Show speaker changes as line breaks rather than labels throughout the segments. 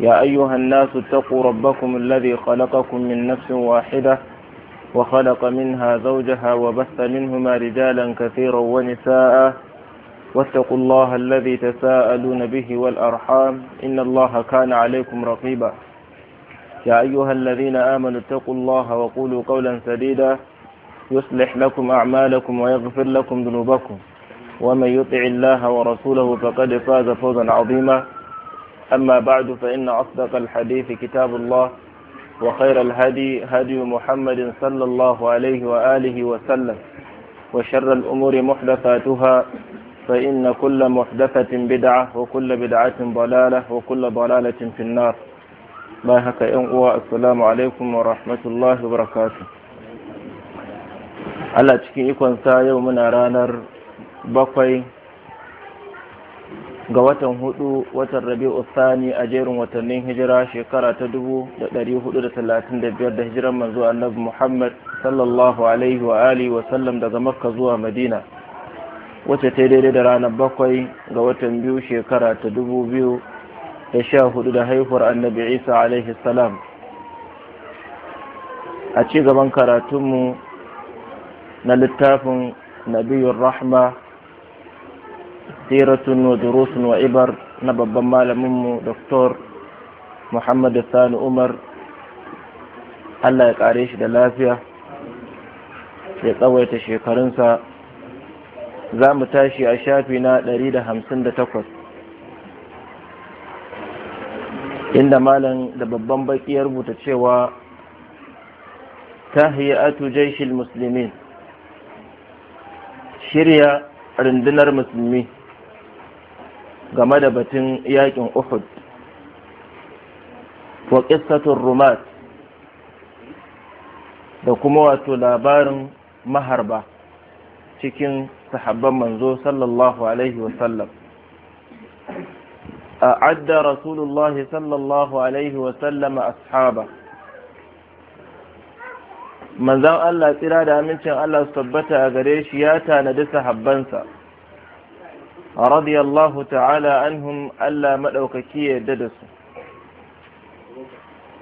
يا أيها الناس اتقوا ربكم الذي خلقكم من نفس واحدة وخلق منها زوجها وبث منهما رجالا كثيرا ونساء واتقوا الله الذي تساءلون به والأرحام إن الله كان عليكم رقيبا يا أيها الذين آمنوا اتقوا الله وقولوا قولا سديدا يصلح لكم أعمالكم ويغفر لكم ذنوبكم ومن يطع الله ورسوله فقد فاز فوزا عظيما أما بعد فإن أصدق الحديث كتاب الله وخير الهدي هدي محمد صلى الله عليه وآله وسلم وشر الأمور محدثاتها فإن كل محدثة بدعة وكل بدعة ضلالة وكل ضلالة في النار باهك إنقوى السلام عليكم ورحمة الله وبركاته على تكيئكم سا يومنا رانر بقي ga watan hudu watan rabi usani a jerin watannin hijira shekara ta dubu da dari hudu da talatin da biyar da hijiran manzo annabi muhammad sallallahu alaihi wa alihi wa sallam daga makka zuwa madina wacce ta daidai da ranar bakwai ga watan biyu shekara ta dubu biyu da sha hudu da haihuwar annabi isa alaihi salam a ci gaban karatunmu na littafin nabiyun rahma siratun wa durusun wa ibar na babban malaminmu doktor muhammadu sani umar allah ya kare shi da lafiya ya tsawaita shekarunsa za mu tashi a shafi na 158 inda malam da babban baki ya rubuta cewa tahiyatu jaishil musulmi shirya rundunar musulmi game da batun yakin Uhud wa qissatul rumat da kuma wato labarin maharba cikin sahabban manzo sallallahu alaihi wa sallam أعد rasulullahi sallallahu alaihi wa sallam وسلم أصحابه manzan Allah tsira da amincin Allah su tabbata a gare shi ya tanadi sahabbansa radiyallahu ta'ala anhum Allah maɗaukaki ya yarda da su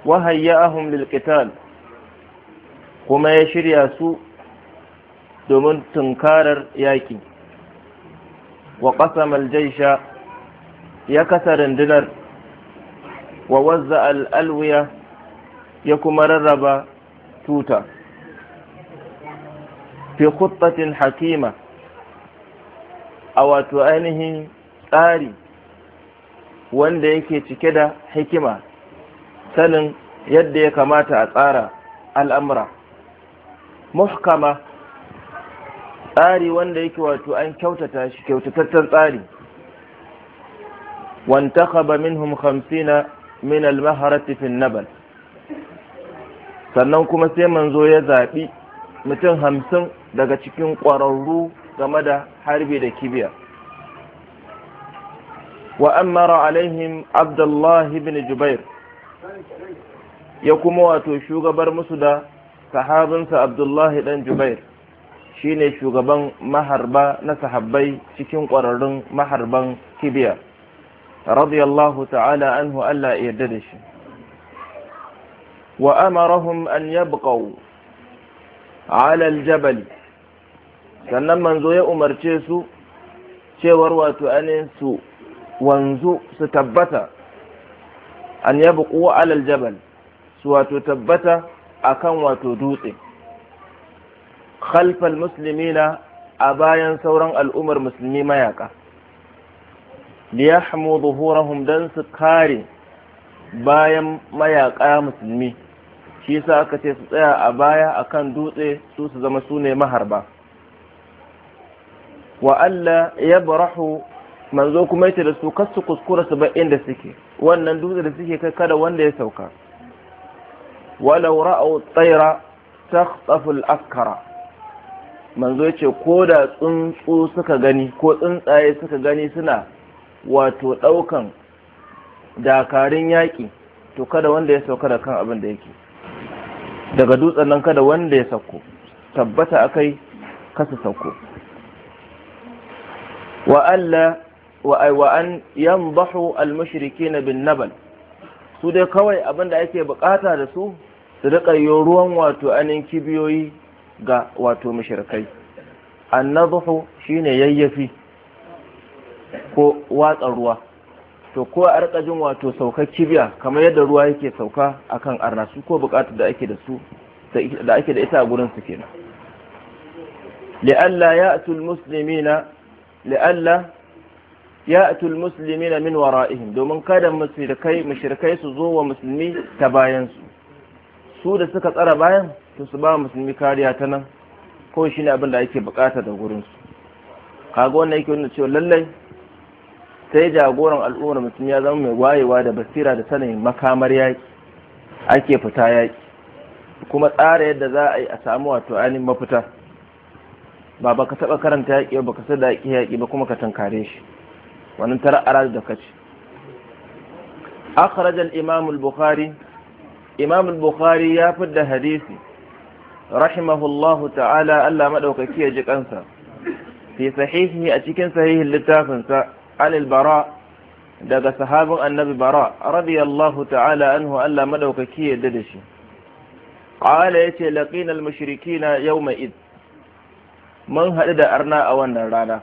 wa hayya'ahum lil kuma ya shirya su domin tunkarar yaƙi. wa qasama al ya kasa rundunar wa wazza al alwiya ya kuma rarraba tuta fi khuttatin hakima a wato ainihin tsari wanda yake cike da hikima sanin yadda ya kamata a tsara al'amura muhkama tsari wanda yake wato an kyautata shi kyautataccen tsari wantakaba minhum khamsina min almaharati nabal sannan kuma sai manzo ya zaɓi mutum hamsin daga cikin ƙwararru game da harbi da kibiya wa ammara alaihim abdullahi bin jubair ya kuma wato shugabar musu da sahabinsa abdullahi dan jubair shine shugaban maharba na sahabbai cikin ƙwararrun maharban kibiya radiyallahu ta'ala anhu Allah ya yarda da shi wa amarahum an yabqaw ala aljabal sannan manzo ya umarce su cewar wato su wanzu su tabbata an yabi kuwa alal jabal su wato tabbata akan wato dutse khalfal na a bayan sauran al'ummar musulmi mayaka liyahmu zuhurahum dan su kare bayan mayaka musulmi shi sa aka ce su tsaya a baya akan dutse su su zama su ne maharba wa Allah ya barahu manzo kuma yace da su kasu kuskura su bayan da suke wannan dutse da suke kai kada wanda ya sauka walau ra'au tsaira takhtafu al-akara manzo yace ko da tsuntsu suka gani ko tsuntsaye suka gani suna wato daukan dakarun yaƙi to kada wanda ya sauka da kan abin da yake daga dutsen nan kada wanda ya sauko tabbata akai kasa sauko wa'alla wa'an yan bahu almashiriki na bin nabal su dai kawai abin da ake bukata da su su riƙa yi ruwan wato anin kibiyoyi ga wato mashirkai annabahu shine yayyafi ko watsa ruwa to ko a rika jin wato saukar kibiya kamar yadda ruwa yake sauka akan arna su ko bukatar da ake da su da ake da ita a gurin su kenan li'alla ya'tul muslimina Allah la'alla Musulmi na min wara'ihim domin kada mushrikai mushrikai su zo wa musulmi ta bayansu, su da suka tsara bayan to su ba musulmi kariya ta nan ko shine abin da ake bukata da gurin su kaga wannan yake nuna cewa lallai sai jagoran al'ummar musulmi ya zama mai wayewa da basira da sanin makamar yaki ake fita yaki kuma tsara yadda za a yi a samu wato ainihin mafita ba baka taba karanta yaƙi ba ka da yaƙi yaƙi ba kuma ka tankare shi wannan tara arad da kace akhraj al imam bukhari imam bukhari ya fidda hadisi rahimahullahu ta'ala Allah madaukaki ya ji kansa fi sahihi a cikin sahihin littafin sa al bara daga sahabin annabi bara radiyallahu ta'ala anhu Allah madaukaki ya yarda da shi qala yace laqina al mushrikina yawma id mun haɗu da arna a wannan rana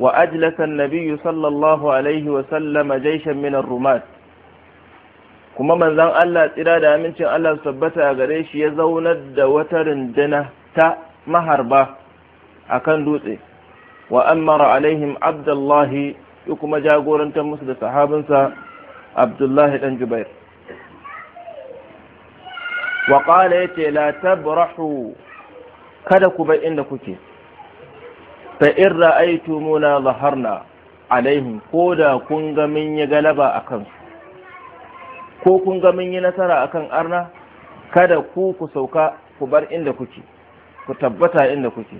wa ajlasan nabiyyu sallallahu alaihi wa sallama jaishan min rumat kuma manzon Allah tsira da amincin Allah su tabbata a gare shi ya zaunar da wata runduna ta maharba akan dutse wa amara alaihim abdullahi ya kuma jagorantar musu da sahabinsa abdullahi dan jubair wa qala yace la tabrahu kada ku bar inda kuke fa in ra'aytumuna zaharna alaihim ko da kun ga mun yi galaba a kansu ko kun ga mun yi nasara akan arna kada ku ku sauka ku bar inda kuke ku tabbata inda kuke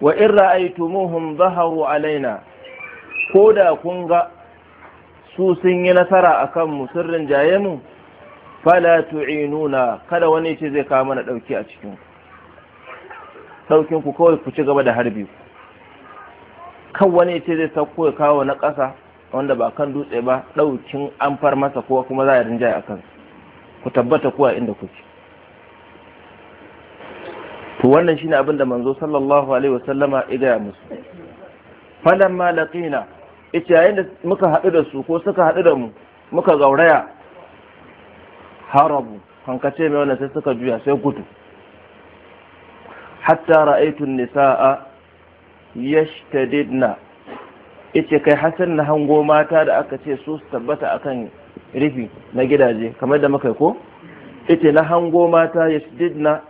wa in ra'aytumuhum zaharu alaina ko da kun ga su sun yi nasara akan mu sirrin jaye fala tu'inuna kada wani ce zai kawo mana dauki a cikin ku saukin ku kawai ku ci gaba da harbi kan wani ce zai sauko ya kawo na ƙasa wanda ba kan dutse ba ɗaukin an far masa kowa kuma za a rinjaye a kansu ku tabbata kuwa inda kuke to wannan shine abin da manzo sallallahu alaihi wasallama ya gaya musu falamma laqina ita yayin da muka haɗu da su ko suka haɗu da mu muka gauraya harabu kankace mai wannan sai suka juya sai gudu hatta ra'aitun nisa'a yashtadidna ita kai hasan na hango mata da aka ce su tabbata akan rifi na gidaje kamar da muka ko Ita na hango mata yashtadidna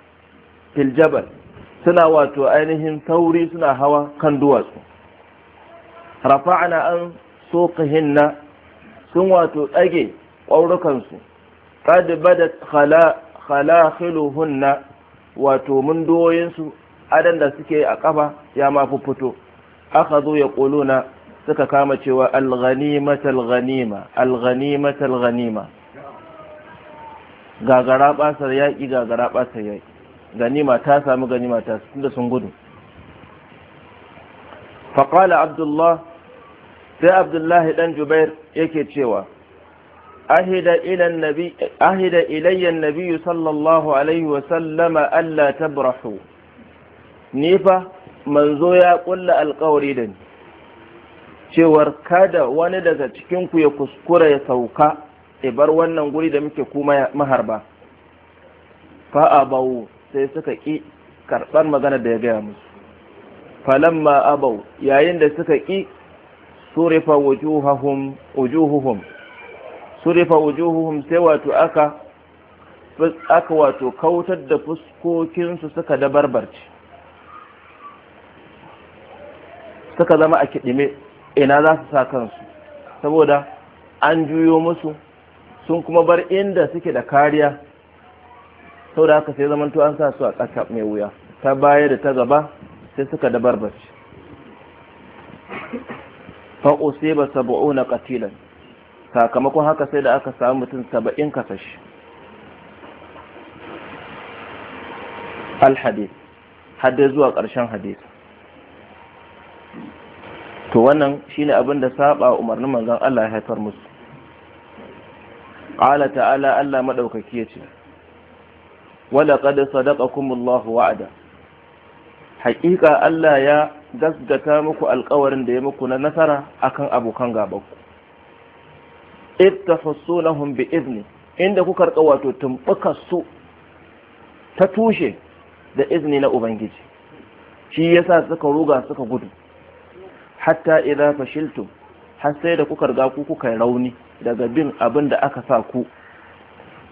fil jabal suna wato ainihin sauri suna hawa kan duwatsu rafa'na an soqihinna sun wato ɗage su qad badat khala khalaqiluhunna wato mundoyinsu adan da suke a ƙafa ya ma fito aka zo ya ƙuluna suka kama cewa alghanimata alghanima alghanimata ghanima gagara basar yaƙi gagara basar yaƙi ganima ta samu ganima ta tunda sun gudu faƙala abdullah sai abdullahi dan jubair yake cewa أهد إلى النبي أهد إلي النبي صلى الله عليه وسلم ألا تبرحوا نيفا manzo ya kulla alkawari da ni cewar kada wani daga cikinku ya kuskura ya sauka ya bar wannan guri da muke kuma maharba fa'a abau sai suka ƙi karɓar magana da ya gaya musu falamma abau yayin da suka ƙi surifa wujuhuhum surifa wujuhuhum sai wato aka aka wato kautar da fuskokinsu suka dabarbarci, suka zama a kiɗime ina za su sa kansu saboda an juyo musu sun kuma bar inda suke da kariya Sau da haka sai zamanto an sa su a ƙasa mai wuya ta baya da ta gaba sai suka dabarbarce fa usiba na katilan sakamakon haka sai da aka samu mutum saba'in kasashi alhadis hadis zuwa ƙarshen hadis to wannan shine abin da saba umarnin manzan Allah ya haifar musu ƙala ta'ala Allah ce yace wala qad sadaqakumullahu wa'ada haƙiƙa Allah ya gasgata muku alƙawarin da ya muku na nasara akan abokan gabanku idda husulahum bi izni inda kuka rika wato tumbuka su ta tushe da izini na ubangiji shi yasa suka ruga suka gudu hatta idza fashiltu har sai da kuka riga ku kuka rauni daga bin abin da aka sa ku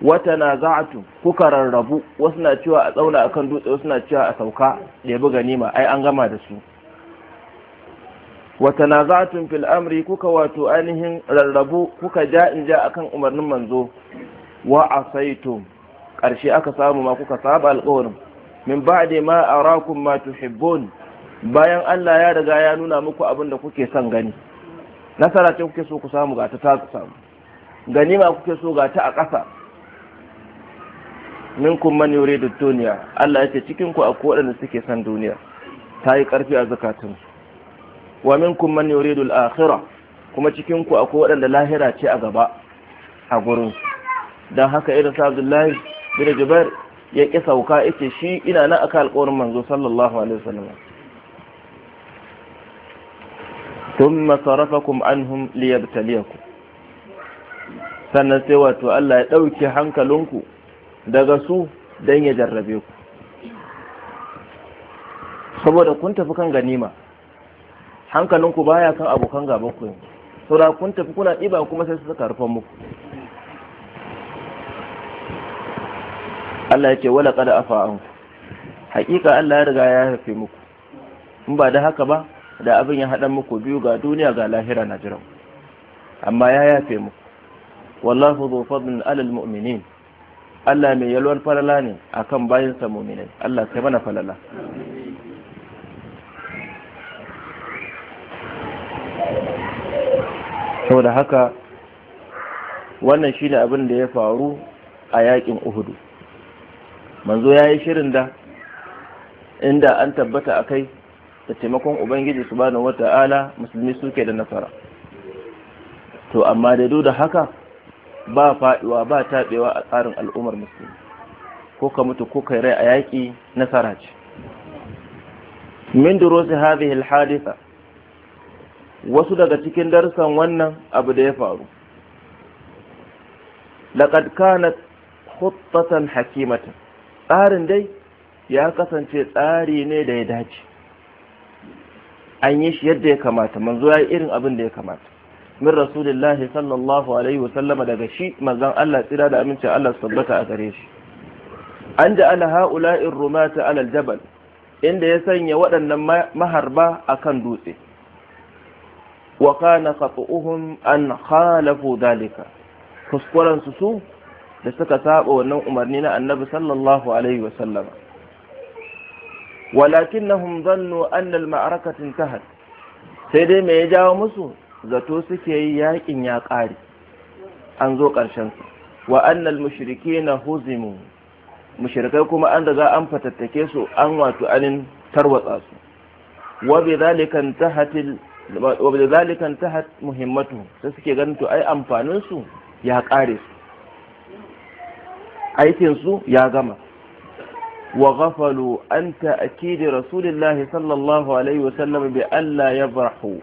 wata na za'atu kuka rarrabu wasu na cewa a tsauna akan dutse wasu na cewa a sauka da ya ganima ai an gama da su watanazatun fil amri kuka wato ainihin rarrabu kuka ja in ja akan umarnin manzo wa asaitum karshe aka samu ma kuka saba alƙawarin min ba'di ma arakum ma tuhibbun bayan Allah ya riga ya nuna muku abin da kuke son gani nasara ce kuke so ku samu ga ta ta samu ma kuke so ga ta a ƙasa kun man yuridu dunya Allah ya ce cikinku a akwai suke son duniya ta yi ƙarfi a zakatunsu wa minkum man yuridu al-akhirah kuma cikin ku akwai waɗanda lahira ce a gaba a gurin dan haka irin sa Abdullahi bin Jubair ya ki sauka yace shi ina nan aka alƙawarin manzo sallallahu alaihi wasallam thumma sarafakum anhum liyabtaliyakum sannan sai wato Allah ya dauke hankalinku daga su dan ya jarrabe ku saboda kun tafi kan ganima Hankalin ku baya kan abokan gaban ku saura kun tafi kuna ɗiba kuma sai su saka rufan muku Allah ya ce wala kada afa hakika Allah ya riga ya haife muku in ba da haka ba da abin ya haɗa muku biyu ga duniya ga lahira na jiran amma ya yafe muku wallahu zu fadlin alal mu'minin Allah mai yalwar falala ne akan bayin sa mu'minai Allah kai mana falala saboda haka wannan shine abin da ya faru a yakin uhudu manzo ya yi shirin da inda an tabbata a kai da taimakon ubangiji su subhanahu wata'ala musulmi suke da nasara to amma da da haka ba faɗiwa ba taɓewa a tsarin al'ummar musulmi ko ka mutu ko kai rai a yaƙi nasara ce min durusi hadhihi al wasu daga cikin darsan wannan abu da ya faru laqad kanat khuttatan hakimatan tsarin dai ya kasance tsari ne da ya dace an yi shi yadda ya kamata manzo ya yi irin abin da ya kamata min rasulillahi sallallahu alaihi wasallama daga shi manzan Allah tsira da aminci Allah sallata a gare shi an ala ha'ula'in rumata alal jabal inda ya sanya waɗannan maharba akan dutse wa na khatu'uhum an khalafu dhalika kuskuren su su da suka saba wannan umarni na annabi sallallahu alaihi wa sallama walakinnahum dhannu anna sai dai me ya jawo musu zato suke yi yaƙin ya ƙare. an zo karshen sa wa anna al-mushrikeena huzimu mushrikai kuma an da an fatattake su an wato anin tarwatsa su wa bi dhalika wa zalikan tahat muhimmatu sai suke ganin to ai amfanin su ya kare su aikin ya gama wa ghafalu an ta'kid rasulullahi sallallahu alaihi wa sallam bi alla yabrahu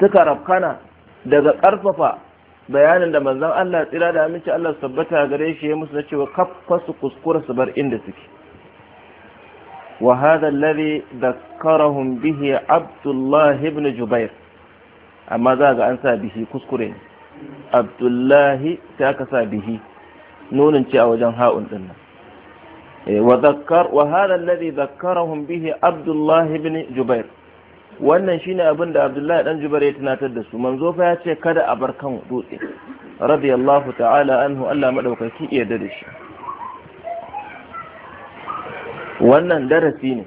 suka rafkana daga karfafa bayanin da manzon Allah tsira da amince Allah tabbata gare shi ya musu na cewa kaffa su kuskura su bar inda suke وهذا الذي ذكرهم به عبد الله بن جبير أما ذاك أنسى به كسكرين عبد الله تاكسى به نون انت أو جنهاء لنا وذكر وهذا الذي ذكرهم به عبد الله بن جبير wannan shine abin da Abdullahi dan Jubair ya tunatar da su manzo fa ya ce kada a bar kan dutse radiyallahu ta'ala anhu Allah madaukaki iya da shi wannan darasi ne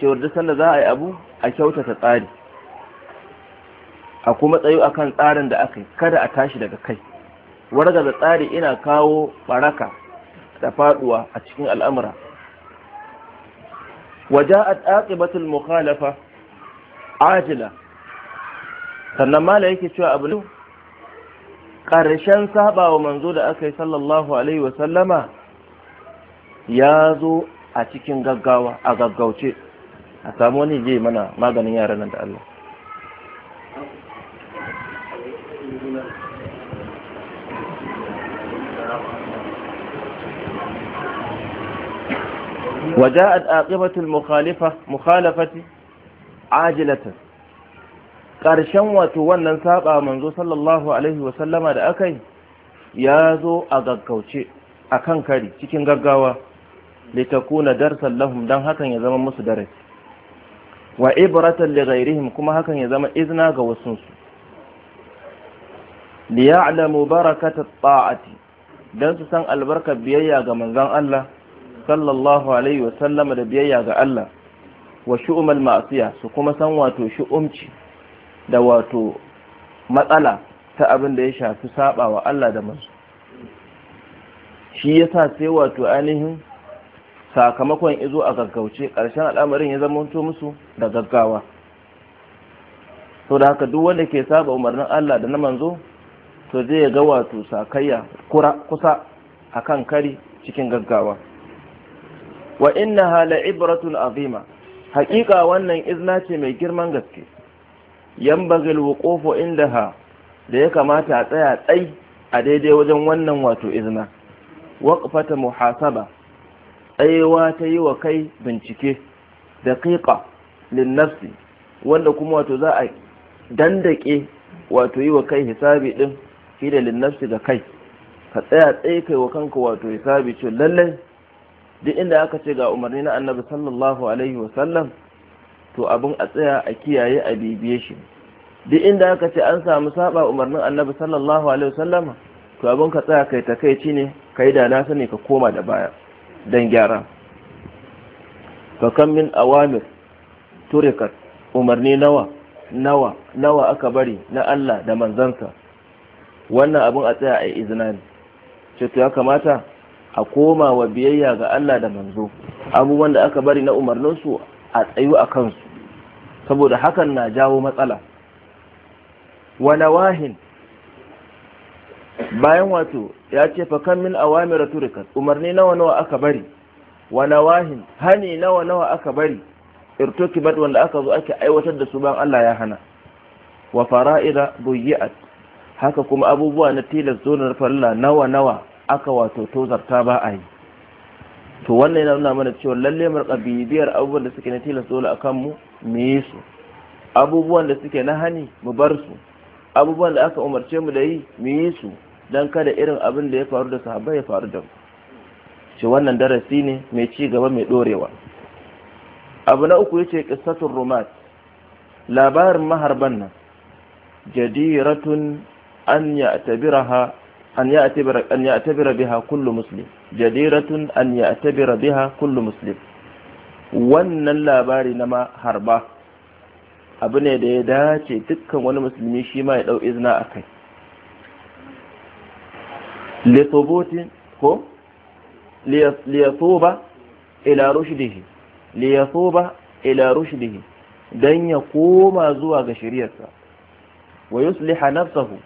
cewar duk sanda za a yi abu a kyautata tsari a kuma tsayo akan tsarin da aka yi kada a tashi daga kai da tsari ina kawo baraka da faduwa a cikin al'amura waja'at aqibatul mukhalafa ajila sannan mala yake cewa abu ne ƙarshen saba manzo da aka yi sallallahu alaihi wasallama ya zo a cikin gaggawa a gaggauce a samu wani je mana maganin yaran nan da Allah وجاءت عاقبة المخالفة مخالفة عاجلة ƙarshen wato wannan saba manzo sallallahu alaihi wasallama da aka yi ya zo a gaggauce a kan kari cikin gaggawa litakuna darsan lahum dan hakan ya zama musu darasi wa ibratan li ghairihim kuma hakan ya zama izna ga wasu su li ya'lamu barakata ta'ati dan su san albarka biyayya ga manzon Allah sallallahu alaihi wa sallama da biyayya ga Allah wa shu'umal ma'siyah su kuma san wato shu'umci da wato matsala ta abin da ya shafi saba Allah da manzo shi yasa sai wato ainihin sakamakon izo a gaggauce ƙarshen al'amarin ya zama musu da gaggawa to da haka duk wanda ke saba umarnin Allah da na manzo to zai ga wato sakayya kura kusa akan kari cikin gaggawa wa innaha la'ibratun azima haƙiƙa wannan izna ce mai girman gaske yambagil wuqufu indaha da ya kamata a tsaya tsai a daidai wajen wannan wato izna waqfata muhasaba tsayewa ta yi wa kai bincike da ƙiƙa linnafsi wanda kuma wato za a dandake wato yi wa kai hisabi ɗin shi da linnafsi ga kai ka tsaya tsaye kai wa kanka wato hisabi ce lallai duk inda aka ce ga umarni na annabi sallallahu alaihi wasallam to abin a tsaya a kiyaye a bibiye shi duk inda aka ce an samu saba umarnin annabi sallallahu alaihi wasallama to abin ka tsaya kai takaici ne kai da na sani ka koma da baya don gyara fakan min awamir turikat umarni nawa nawa nawa aka bari na Allah da manzansa wannan abin a tsaya a izina ne ce to ya kamata a koma wa biyayya ga Allah da manzo abubuwan da aka bari na umarninsu a tsayu a kansu saboda hakan na jawo matsala wani wahin bayan wato ya ce fa kan min awamira turikat umarni nawa nawa aka bari wa nawahin hani nawa nawa aka bari irtokibat wanda aka zo ake aiwatar da su ban Allah ya hana wa fara'ida buyi'at haka kuma abubuwa na tilas zonar falla nawa nawa aka wato tozarta ba a yi to wannan yana nuna mana cewa lalle mar qabibiyar abubuwan da suke na tilas dole akan mu mu yi su abubuwan da suke na hani mu bar su abubuwan da aka umarce mu da yi mu yi su don kada irin abin da ya faru da sahabbai ya faru da Shi wannan darasi ne mai ci gaba mai dorewa abu na uku yace qissatul rumat labarin maharban nan jadiratun an ya'tabiraha an ya'tabira an ya'tabira biha kullu muslim jadiratun an ya'tabira biha kullu muslim wannan labari na maharba abu ne da ya dace dukkan wani musulmi shi ma ya dau izina akai litobotin ko liyatoba ila rushdihi dan ya koma zuwa ga shiryarsa wa yusliha nafsahu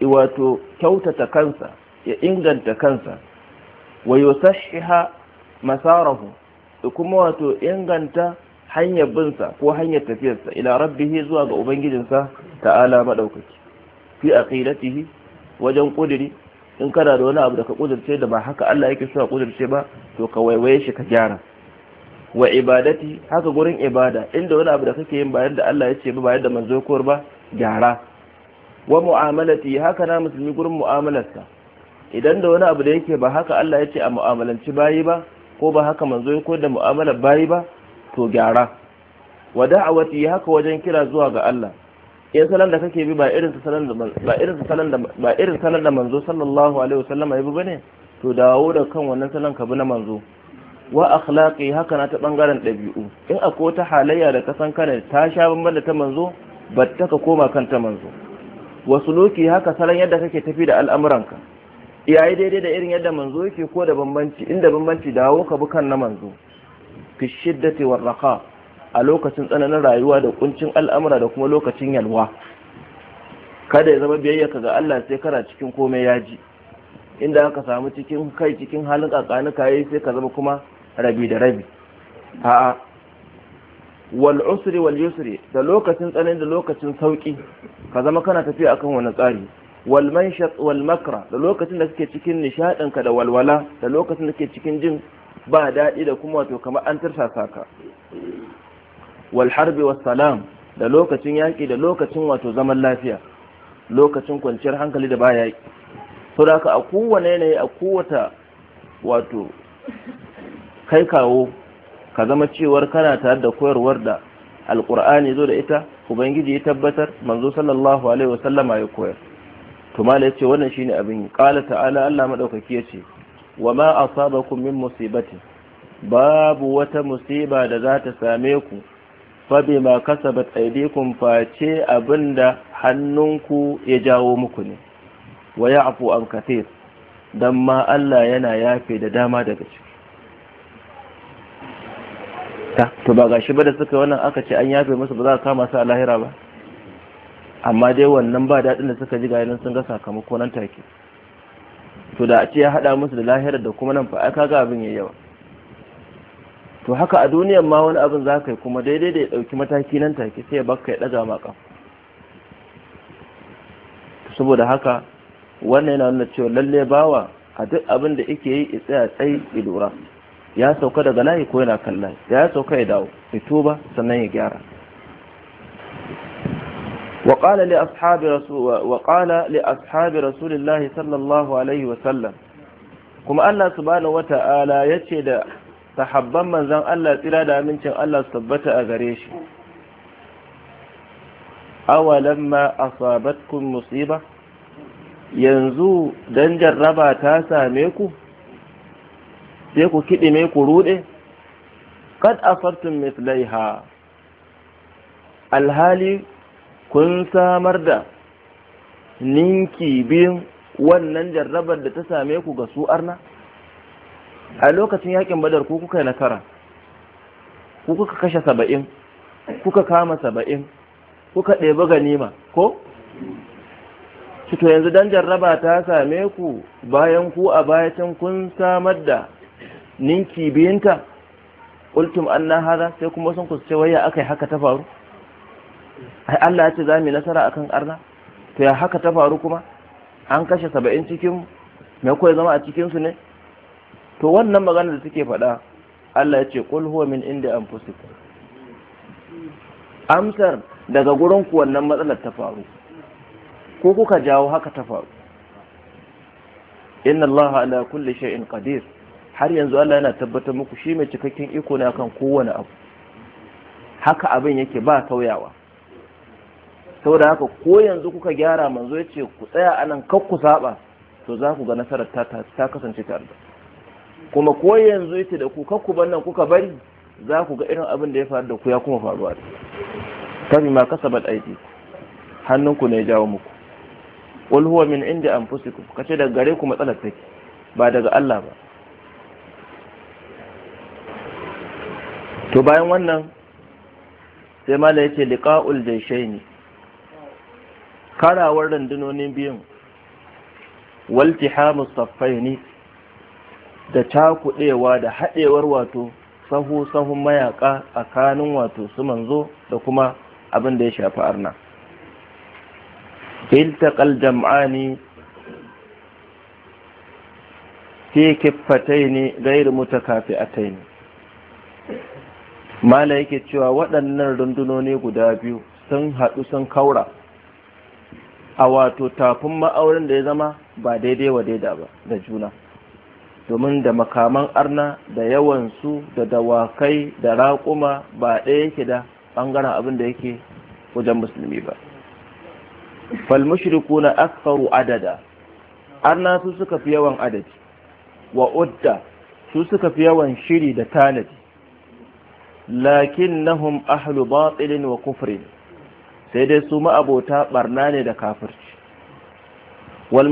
wato kyautata kansa ya inganta kansa wa yusahhiha masarahu kuma wato inganta hanyar binsa ko hanyar tafiyarsa ila zuwa ga ubangijinsa ta'ala madaukaki fi aqidatihi wajen ƙudiri. in kana da wani abu da ka kudurce da ba haka Allah yake so ka kudurce ba to ka waiwaye shi ka gyara wa ibadati haka gurin ibada inda wani abu da kake yin bayan da Allah ya ce ba bayan da manzo kowar ba gyara wa mu'amalati haka na musulmi gurin mu'amalarsa idan da wani abu da yake ba haka Allah ya ce a mu'amalanci bayi ba ko ba haka manzo ya koyar da mu'amalar bayi ba to gyara wa da'awati haka wajen kira zuwa ga Allah in salon da kake bi ba irin salon da ba irin salan da ba irin salan da manzo sallallahu alaihi wasallam ya bi bane to dawo da kan wannan salon ka bi na manzo wa akhlaqi haka na ta bangaren dabi'u in akwai wata halayya da ka san kana ta sha bamban da ta manzo ba ta ka koma kan ta manzo wa suluki haka salon yadda kake tafi da al'amuranka iyaye daidai da irin yadda manzo yake ko da bambanci inda bambanci dawo ka bi kan na manzo fi shiddati war raqa a lokacin tsananin rayuwa da kuncin al'amura da kuma lokacin yalwa kada ya zama biyayya ka ga Allah sai kana cikin komai yaji inda aka samu cikin kai cikin halin kakani kayi sai ka zama kuma rabi da rabi a'a wal usri wal da lokacin tsanani da lokacin sauki ka zama kana tafiya akan wani tsari wal da lokacin da kake cikin nishadin da walwala da lokacin da kake cikin jin ba daɗi da kuma wato kamar an tarsasa saka. Walharbi harbi da lokacin yaƙi da lokacin wato zaman lafiya lokacin kwanciyar hankali da baya yi to ka a kowane yanayi a kowata wato kai kawo ka zama cewar kana tare da koyarwar da alkur'ani zo da ita ubangiji ya tabbatar manzo sallallahu alaihi wasallama ya koyar to mala yace wannan shine abin qala ta'ala Allah madaukaki yace ma asabakum min musibatin babu wata musiba da za ta same ku fabima kasabat aydikum face abinda hannunku ya jawo muku ne wa ya'fu an kathir dan ma Allah yana yafe da dama daga ciki ta to ba ga shi ba da suka wannan aka ce an yafe musu ba za a kama su a lahira ba amma dai wannan ba daɗin da suka ji gayanin sun ga sakamako nan take to da a ce ya haɗa musu da lahira da kuma nan fa ai kaga abin yayi yawa to haka a duniyan ma wani abin za ka yi kuma daidai da ya ɗauki mataki nan take sai ya baka ya ɗaga maka saboda haka wannan yana nuna cewa lalle bawa a duk abin da yake yi ya tsaya tsaye ya lura ya sauka daga layi ko yana kan layi ya sauka ya dawo ya tuba sannan ya gyara وقال لأصحاب رسول وقال لأصحاب رسول الله صلى الله عليه وسلم كما الله سبحانه وتعالى يتشهد sahabban manzan Allah tsira da amincin Allah su tabbata a gare shi awalan ma asabatkum musiba yanzu dan jarraba ta same ku sai ku kiɗime ku ruɗe kad a afartum mislaiha alhali kun samar da ninki biyun wannan jarrabar da ta same ku ga su arna a lokacin yakin badar ku kuka nasara ku kuka kashe saba'in kuka kama saba'in kuka ɗebi ganima ko to yanzu dan jarraba ta same ku bayan ku a bayacin kun samar da ninki biyinta an na hada sai kuma sun ku ce aka yi haka ta faru ai Allah ya ce za mu nasara a kan arna to ya haka ta faru kuma an kashe saba'in cikin me kawai zama a cikinsu ne to wannan magana da suke faɗa Allah ya ce qul huwa min inda anfusikum amsar daga gurin ku wannan matsalar ta faru ko kuka jawo haka ta faru inna Allah ala kulli shay'in qadir har yanzu Allah yana tabbatar muku shi mai cikakken iko ne akan kowane abu haka abin yake ba sauyawa saboda haka ko yanzu kuka gyara manzo yace ku tsaya anan kar ku saba to za ku ga nasarar ta kasance ta Allah kuma ko yanzu yace da ku kakku bannan kuka bari za ku ga irin abin da ya faru da ku ya kuma faruwa bi ma kasabat aidi hannunku ne jawo muku wal huwa min inda anfusikum kace daga gare ku matsalar take ba daga Allah ba to bayan wannan sai mala yace liqa'ul jayshaini karawar rundunonin biyun waltihamu safaini da cakuɗewa da haɗewar wato sahu sahun mayaka tsakanin wato su manzo da kuma abin da ya shafi arna iltaqal jam'ani fi kiffataini ghairu mutakafi'ataini mala yake cewa waɗannan rundunoni guda biyu sun haɗu sun kaura a wato tafin ma'aurin da ya zama ba daidai wa daida ba da juna domin da makaman arna da yawansu da dawakai da raƙuma ba ɗaya yake da ɓangaren abin da yake wajen musulmi ba falmushiriku na akfaru adada arna su suka fi yawan adadi wa udda su suka fi yawan shiri da tanadi lakin nahum ahlu batilin wa kufrin sai dai su ma'abota barna ne da kafirci wal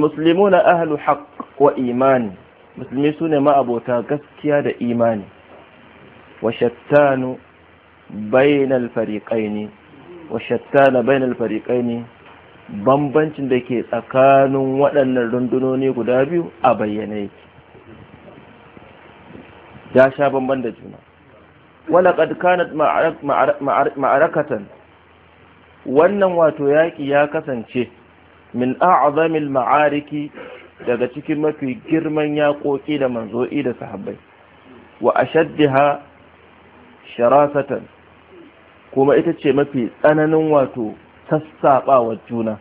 na ahlu haƙ wa imani musulmi su ne ma'abota gaskiya da imani wa shattanu bainal fariqaini wa shattana bainal bambancin da ke tsakanin waɗannan rundunoni guda biyu a bayyane yake ya sha bamban da juna walaƙad kanat ma'arakatan wannan wato yaƙi ya kasance min a'azamil ma'ariki daga cikin mafi girman yaƙoƙi da manzo'i da sahabbai wa ashaddaha sharasatan kuma ita ce mafi tsananin wato sassaɓawa juna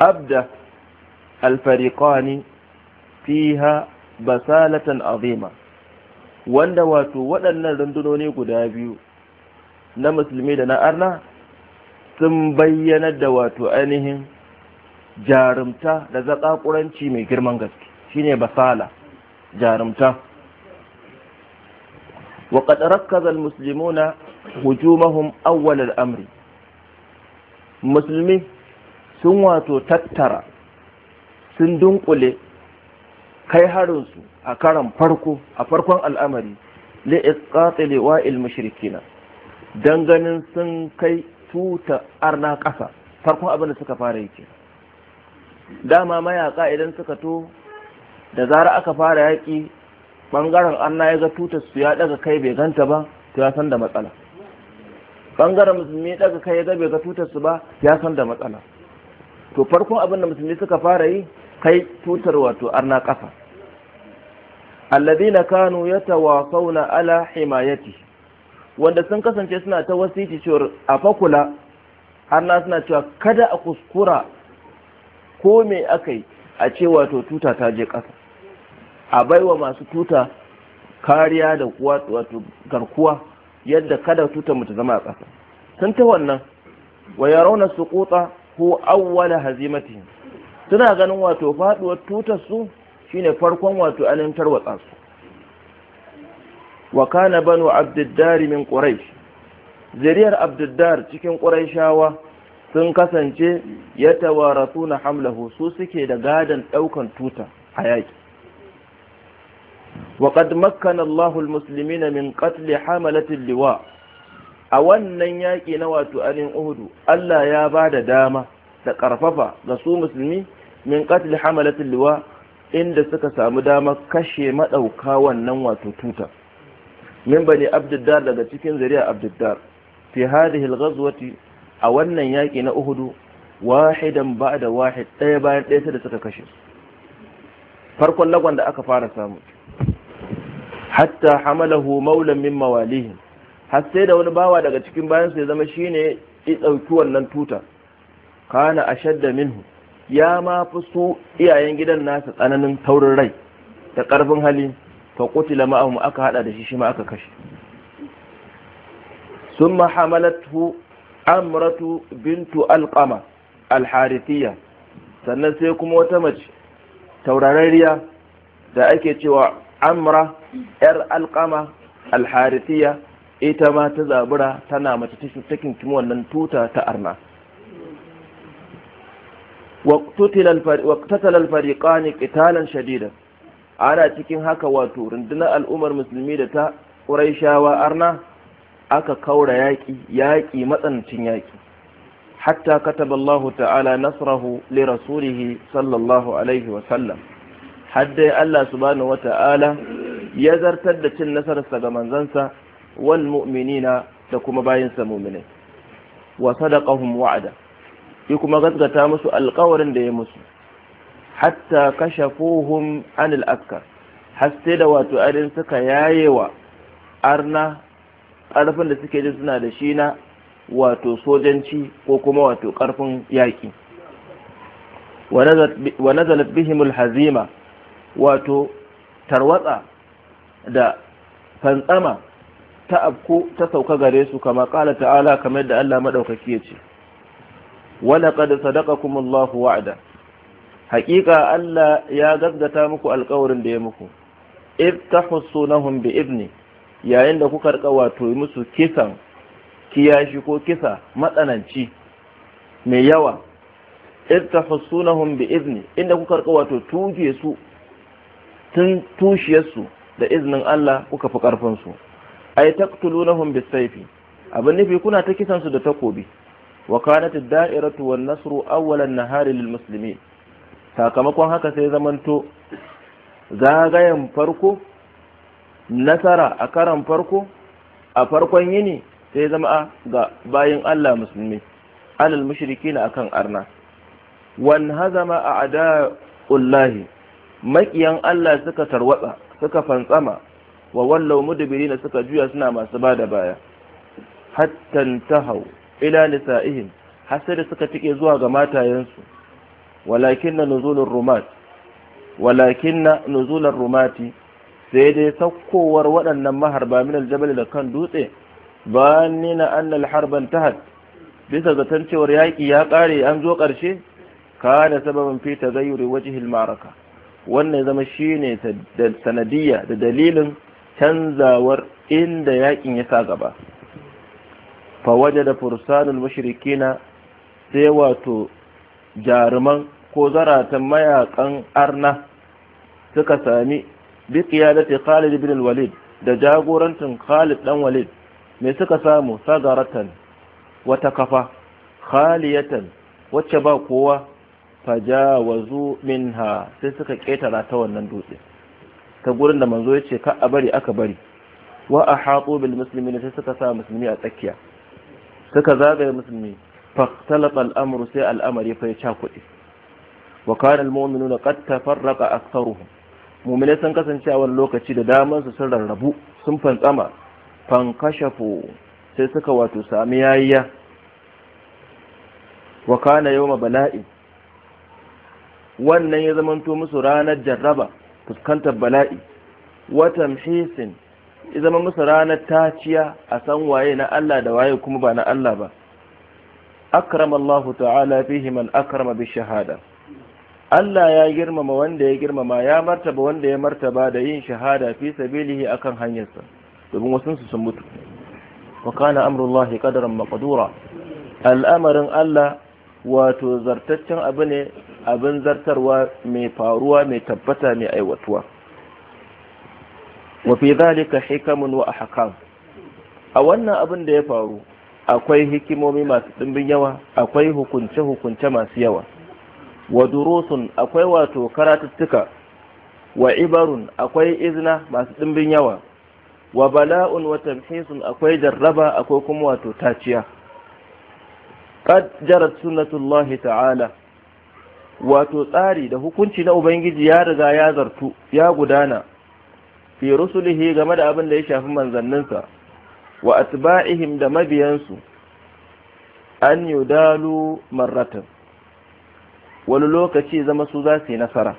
abda alfariqani fiha basalatan azima wanda wato waɗannan rundunoni guda biyu na musulmi da na arna sun bayyana da wato ainihin jarumta da zaƙaƙuranci mai girman gaske shine basala jarumta وقد ركز المسلمون هجومهم أول الأمر musulmi sun wato tattara sun dunkule kai harinsu a karan farko a farkon al'amari li'isqatil wa'il mushrikina dan ganin sun kai tuta arna ƙasa farkon abin da suka fara yake dama mayaka idan suka to da zara aka fara yaƙi ɓangaren anna ya ga tutar su ya ɗaga kai bai ganta ba to ya san da matsala ɓangaren musulmi ɗaga kai ya ga bai ga tutar su ba ya san da matsala to farkon abin da musulmi suka fara yi kai tutar wato arna ƙasa alladhina kanu yatawafawna ala himayati wanda sun kasance suna ta wasiti cewa a fakula arna suna cewa kada a kuskura ko me aka yi a ce wato tuta ta je ƙasa a baiwa masu tuta kariya da wato garkuwa yadda kada tuta mu ta zama a ƙasa sun ta wannan wa su suquta ko awwala hazimati suna ganin wato faɗuwar tutar su shine farkon wato alintar watsa su wa kana banu abdiddari min quraish zariyar abdiddar cikin quraishawa sun kasance ya tawarasu na hamlahu su suke da gadon ɗaukan tuta a yaƙi waƙad makkan allahul musulmi na min ƙatli hamalatin liwa a wannan yaƙi na wato anin uhudu allah ya ba da dama da ƙarfafa ga su musulmi min ƙatli hamalatin liwa inda suka samu dama kashe maɗauka wannan wato tuta min bani abdiddar daga cikin zuriya abdiddar fi hadhihi al a wannan yaƙi na uhudu wahidan ba da wahid ɗaya bayan ɗaya sai da suka kashe farkon lagon da aka fara samu hatta hamalahu maulan min mawalihin har sai da wani bawa daga cikin bayansu ya zama shine ya ɗauki wannan tuta kana ashadda minhu ya ma fi su iyayen gidan nasa tsananin taurin rai da ƙarfin hali fa qutila ma'ahum aka hada da shi shi ma aka kashe summa hamalathu amratu bintu alqama alharithiya sannan sai kuma wata mace taurarariya da ake cewa amra yar alqama alharithiya ita ma ta zabura tana mace cikin kuma wannan tuta ta arna waqtatal alfariqan qitalan shadida ana cikin haka wato rundunar al'ummar musulmi da ta quraishawa arna aka kaura yaƙi yaƙi matsanancin yaƙi hatta kataba Allah ta'ala nasrahu li rasulihi sallallahu alaihi wa sallam hadda Allah subhanahu wa ta'ala ya zartar da cin nasararsa ga manzansa wal mu'minina da kuma bayinsa mu'minai wa sadaqahum wa'ada yi kuma gasgata musu alƙawarin da ya musu hatta kashafuhum anil askar haske da wato arin suka yayewa arna ƙarfin da suke ji suna da shi na wato sojanci ko kuma wato ƙarfin yaƙi wa nazalat bihimul hazima wato tarwatsa da fantsama ta abku ta sauka gare su kama ƙala ta'ala kamar da Allah maɗaukaki ya ce walaƙad sadaƙakumullahu wa'ada haƙiƙa Allah ya gaggata muku alƙawarin da ya muku if tahussunahum bi ibni yayin da kuka rika wato musu kisan kiyashi ko kisa matsananci mai yawa irtahassunahum bi izini, inda kuka rika wato tuje su tun tushiyarsu da izinin Allah kuka fi karfin su na taqtulunahum saifi. abin nufi kuna ta kisansu da takobi wa kanat ad-da'iratu wan nasru awwalan nahari lil muslimin sakamakon haka sai zamanto zagayen farko nasara a karan farko a farkon yini sai zama ga bayin Allah musulmi alal mushriki na akan arna wan hazama a ada'ullahi makiyan Allah suka tarwatsa suka fantsama wa wallau na suka juya suna masu bada baya hattan hau ila hasar da suka tike zuwa ga matayensu Walakin na rumat rumati sai dai sakkowar waɗannan maharba min aljabal da kan dutse ba nina annal harban tahat bisa ga cewar yaƙi ya ƙare an zo ƙarshe kana sababin fi tagayyuri wajhil ma'araka wannan zama shine sanadiyya da dalilin canzawar inda yaƙin ya sa gaba fa da fursanul mushrikina sai wato jaruman ko zaratan mayakan arna suka sami bi qiyadati Khalid ibn al-Walid da jagorancin Khalid dan Walid me suka samu sagaratan wata kafa khaliyatan wacce ba kowa fajawazu minha sai suka ketara ta wannan dutse ta gurin da manzo ya ce ka a bari aka bari wa ahatu bil muslimin sai suka sa musulmi a tsakiya suka zagaye musulmi fahtalaqa al-amru sai al'amari fa ya cakuɗe wa kana al-mu'minuna qad tafarraqa aktharuhum muminai sun kasance a wani lokaci da daman su sun rarrabu sun fantsama fankashafo sai suka wato sami yayiya wa kana yawma bala'i wannan ya zamanto musu ranar jarraba fuskantar bala'i watan hisin ya zama musu ranar taciya a san waye na Allah da waye kuma ba na Allah ba akramallahu ta'ala fihi man akrama bi shahada Allah ya girmama wanda ya girmama ya martaba wanda ya martaba da yin shahada fi sabilihi akan hanyarsa domin wasu su sun mutu wa kana amrullahi qadaran maqdura al'amarin Allah wato zartaccen abu ne abin zartarwa mai faruwa mai tabbata mai aiwatuwa wa fi dhalika hikamun wa ahkam a wannan abin da ya faru akwai hikimomi masu dimbin yawa akwai hukunce hukunce masu yawa wa durusun akwai wato karatuttuka wa ibarun akwai izna masu ɗimbin yawa wa bala'un wa tamhisun akwai jarraba akwai kuma wato taciya qad jarat sunnatullahi ta'ala wato tsari da hukunci na ubangiji ya riga ya zartu ya gudana fi rusulihi game da abin da ya shafi manzanninsa wa atba'ihim da mabiyansu an yudalu marratan wani lokaci zama su za su yi nasara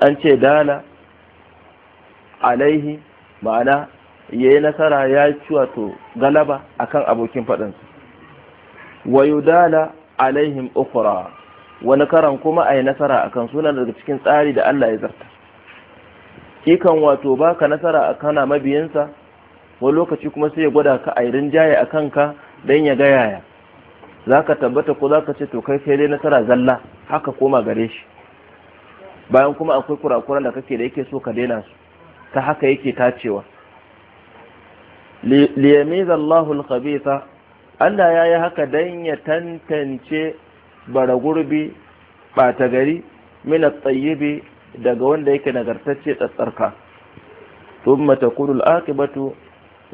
an ce dala alaihi ma'ana ya yi nasara ya ci wato galaba akan abokin faɗinsu wayo dala alaihim ukura wani karan kuma a yi nasara akan suna daga cikin tsari da Allah ya zarta kikan wato ba ka nasara a kana mabiyansa, wani lokaci kuma sai ya gwada ka a yi rinjaye a kanka don ya gayaya. za ka tabbata ko za ka ce to kai sai dai nasara zalla haka koma gare shi bayan kuma akwai kurakuran da kake da yake so ka daina su ta haka yake tacewa cewa. Allahu al-khabitha Allah ya yi haka dan ya tantance bara gurbi ɓata gari min at-tayyibi daga wanda yake nagartacce tsatsarka thumma takulu al-aqibatu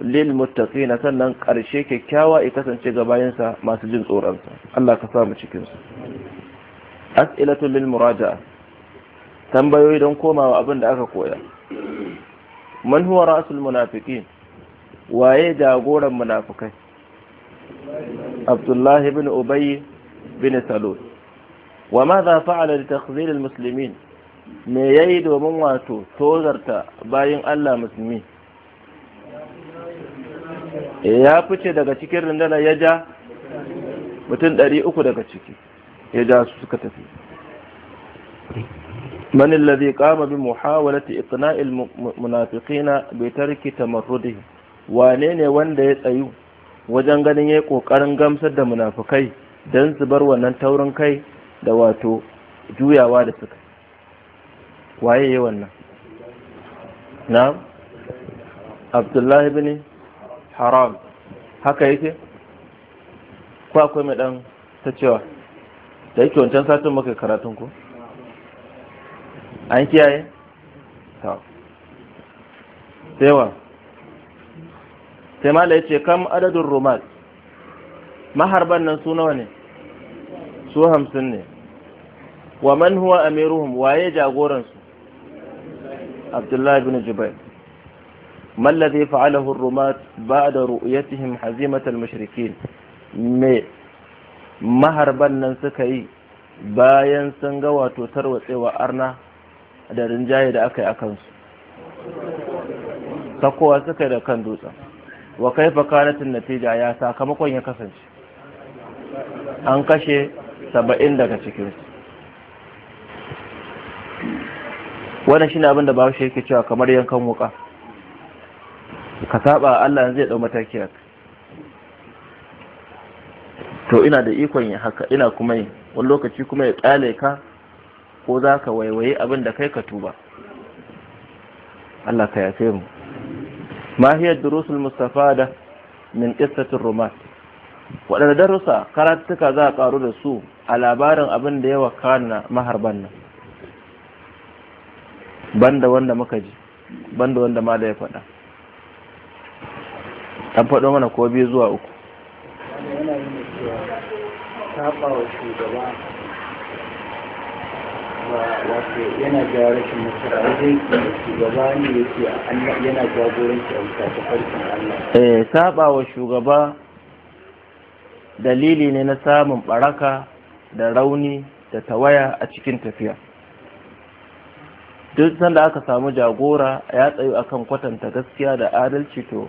lil muttaqina sannan karshe kyakkyawa ya kasance ga bayansa masu jin tsoronsa Allah ka samu cikin su as'ilatu lil muraja'a tambayoyi don komawa abin da aka koya man huwa ra'sul munafiqin waye jagoran munafikai Abdullahi bin Ubay bin Salul wa madha fa'ala li takhzil al muslimin me yayi domin wato tozarta bayin Allah musulmi ya fice daga cikin rundunar ya ja mutum ɗari uku daga ciki ya ja su suka tafi mani lalzi kama bi muhawalati iqna'il munafiqina bai tarki tamarrudihi wane ne wanda ya tsayu wajen ganin ya yi kokarin gamsar da munafikai don su bar wannan taurin kai da wato juyawa da suka waye yi wannan na abdullahi bini haram haka yake ko akwai mai dan ta cewa da yake wancan satin muka karatun ku an kiyaye ta sewa sai mala ya ce kam adadin rumal maharban nan su nawa ne su hamsin ne wa man huwa amiruhum waye jagoransu abdullahi bin jubair ما الذي فعله الرماة بعد رؤيتهم حزيمة المشركين مي maharban nan suka yi bayan sun ga wato tarwatsewa arna da rinjaye da aka yi a kansu sakowa suka yi da kan dutsen wa kaifa kanatin natija ya sakamakon ya kasance an kashe saba'in daga cikinsu wannan shine abin da bahaushe yake cewa kamar yankan wuka ka saba Allah zai dau mataki haka to ina da ikon ya haka ina kuma yi wani lokaci kuma ya kyale ka ko za ka waiwaye abin da kai ka tuba Allah ka yafe mu ma hiya durusul mustafada min qissatir rumat waɗanda darusa karatuka za a ƙaru da su a labarin abin da ya wakana maharban nan banda wanda muka ji banda wanda ma da ya faɗa an faɗo mana ko biyu zuwa uku
yana nasara shugaba ne yake yana
jagoranci a wuta ta farkon Allah. Eh, saba shugaba dalili ne na samun baraka da rauni da tawaya a cikin tafiya. Duk sanda aka samu jagora ya tsayu akan kwatanta gaskiya da adalci to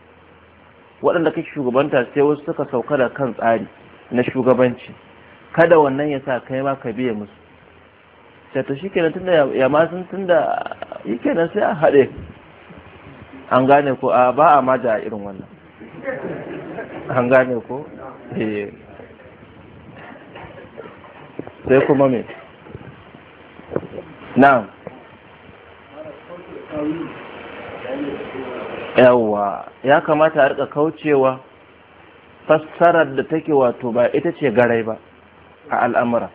waɗanda kake shugabanta sai wasu suka sauka da kan tsari na shugabanci kada wannan ya sa kai ma ka biya musu sai to shikenan tunda ya ma sun tunda shikenan sai a haɗe an gane ko a ba a ma da irin wannan an gane ko eh. sai kuma me na'am yawwa ya kamata a rika kaucewa fassarar da take wato ba ita ce garai ba a al'amura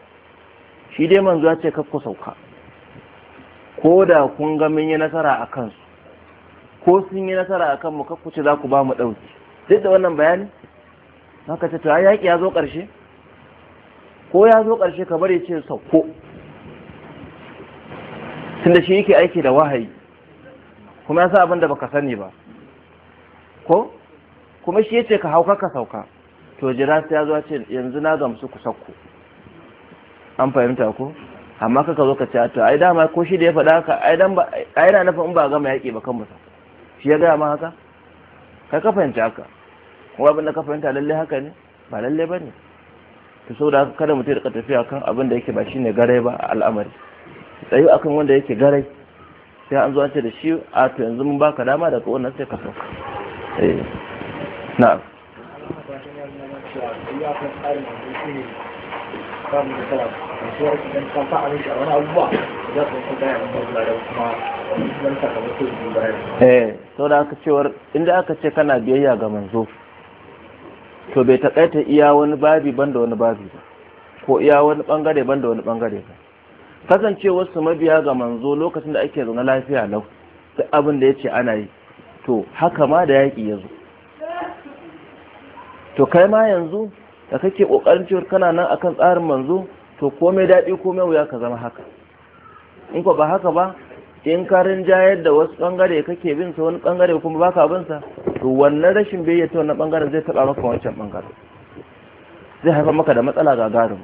shi dai manzo ya ce kakku sauka ko da kun ga mun yi nasara a kansu ko sun yi nasara a kanmu kakku ce za ku ba mu ɗauki duk da wannan bayani haka ce to yaƙi ya zo ƙarshe ko ya zo ƙarshe kamar ya ce sauko tunda shi yake aiki da wahayi kuma ya sa abin da baka sani ba ko kuma shi yace ka hauka ka sauka to jira sai ya zo ce yanzu na gamsu ku sakku an fahimta ko amma kaka zo ka ce to ai dama ko shi da ya faɗa ka ai dan ba ai na nufin in ba gama yaƙi ba kan musa shi ya gaya ma haka kai ka fahimta haka kuma abin da ka fahimta lalle haka ne ba lalle ba ne to saboda kada mutum ya tafiya kan abin da yake ba shine garai ba al'amari tsayu akan wanda yake garai sai an zo an ce da shi a to yanzu mun baka dama daga wannan sai ka sauka Eh. na'am eh da aka cewar inda aka ce kana biyayya ga manzo to bai takaita iya wani babi banda wani babi ba ko iya wani bangare banda wani bangare ba kasancewar su mabiya ga manzo lokacin da ake zaune lafiya lau da abin da ya ce ana yi to haka ma da yaƙi ya zo to kai ma yanzu da kake ƙoƙarin cewar kana nan akan tsarin manzo to komai daɗi komai wuya ka zama haka in ba haka ba in ka rinjayar da wasu ɓangare kake bin sa wani ɓangare kuma baka bin sa to wannan rashin biyayya ta wannan ɓangaren zai taɓa maka wancan ɓangare? zai haifar maka da matsala gagarin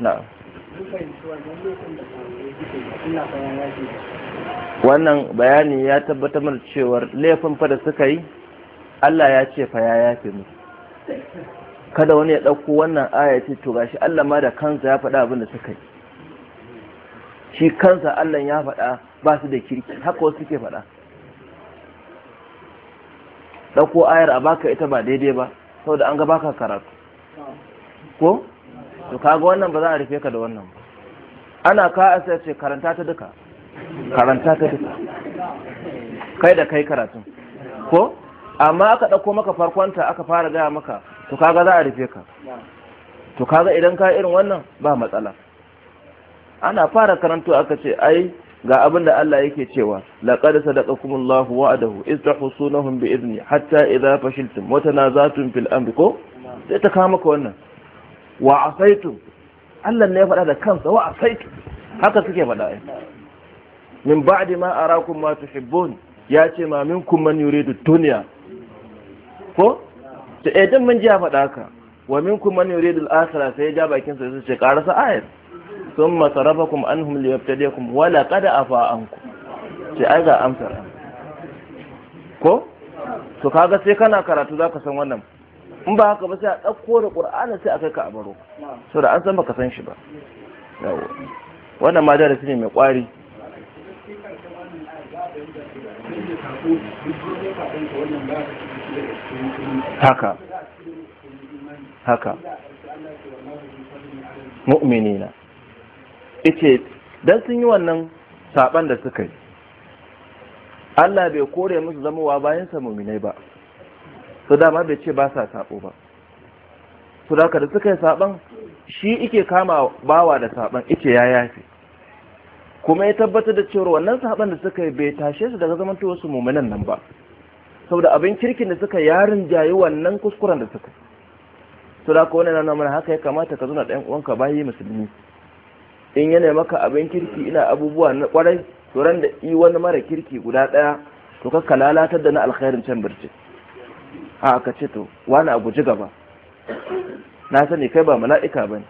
na'am wannan bayani ya tabbatar mana cewar laifin fa da suka yi Allah ya ce fa ya yafe mu kada wani ya ɗauko wannan aya ce to gashi Allah ma da kansa ya faɗa abin da suka yi shi kansa Allah ya faɗa ba su da kirki haka wasu suke faɗa ɗauko ayar a baka ita ba daidai ba saboda an ga baka karatu ko to kaga wannan ba za a rufe ka da wannan ba ana ka sai ce karanta ta duka
karanta ta duka
kai da kai karatun ko amma aka ɗauko maka farkonta aka fara gaya maka to kaga za a rufe ka to kaga idan ka irin wannan ba matsala ana fara karanto aka ce ai ga abin da Allah yake cewa laqad sadaqakumullahu wa'adahu iz tahsunahum bi idni hatta idza fashiltum wa tanazatum fil amri ko sai ta kama ka wannan wa asaitum Allah ne ya faɗa da kansa wa asaitum haka suke faɗa ai min ba'di ma arakum ma tuhibbun ya ce ma minkum man yuridu dunya ko to idan eh, mun ji faɗa ka wa minkum man yuridu al-akhirah sai ja bakin sa sai ce karasa ayat thumma sarafakum anhum yabtadiyakum wa laqad afa ankum sai ai ga amsar ko to kaga sai kana karatu zaka san wannan in ba haka ba sai a ɗauko da ƙur'ana sai a kai ka a baro saboda da an san baka san shi ba wannan ma darasi ne mai ƙwari
haka haka
mu'minina
ice dan sun yi wannan saban da suka yi Allah bai kore musu zamowa bayan sa mu'minai ba su dama bai ce ba sa sabo ba su da da suka yi saban shi ike kama bawa da saban ice ya yafe kuma ya tabbatar da cewa wannan sahaban da suka yi bai tashe su daga zaman tuwasu mummunan nan ba saboda abin kirkin da suka yarin jayi wannan kuskuren da suka su da ko wannan namun haka ya kamata ka zo na ɗan uwanka bayi musulmi in yana maka abin kirki ina abubuwa na kwarai to ran da yi wani mara kirki guda ɗaya to ka lalatar da na alkhairin can birce a ka ce to wani a guji gaba na sani kai ba mala'ika ba ne.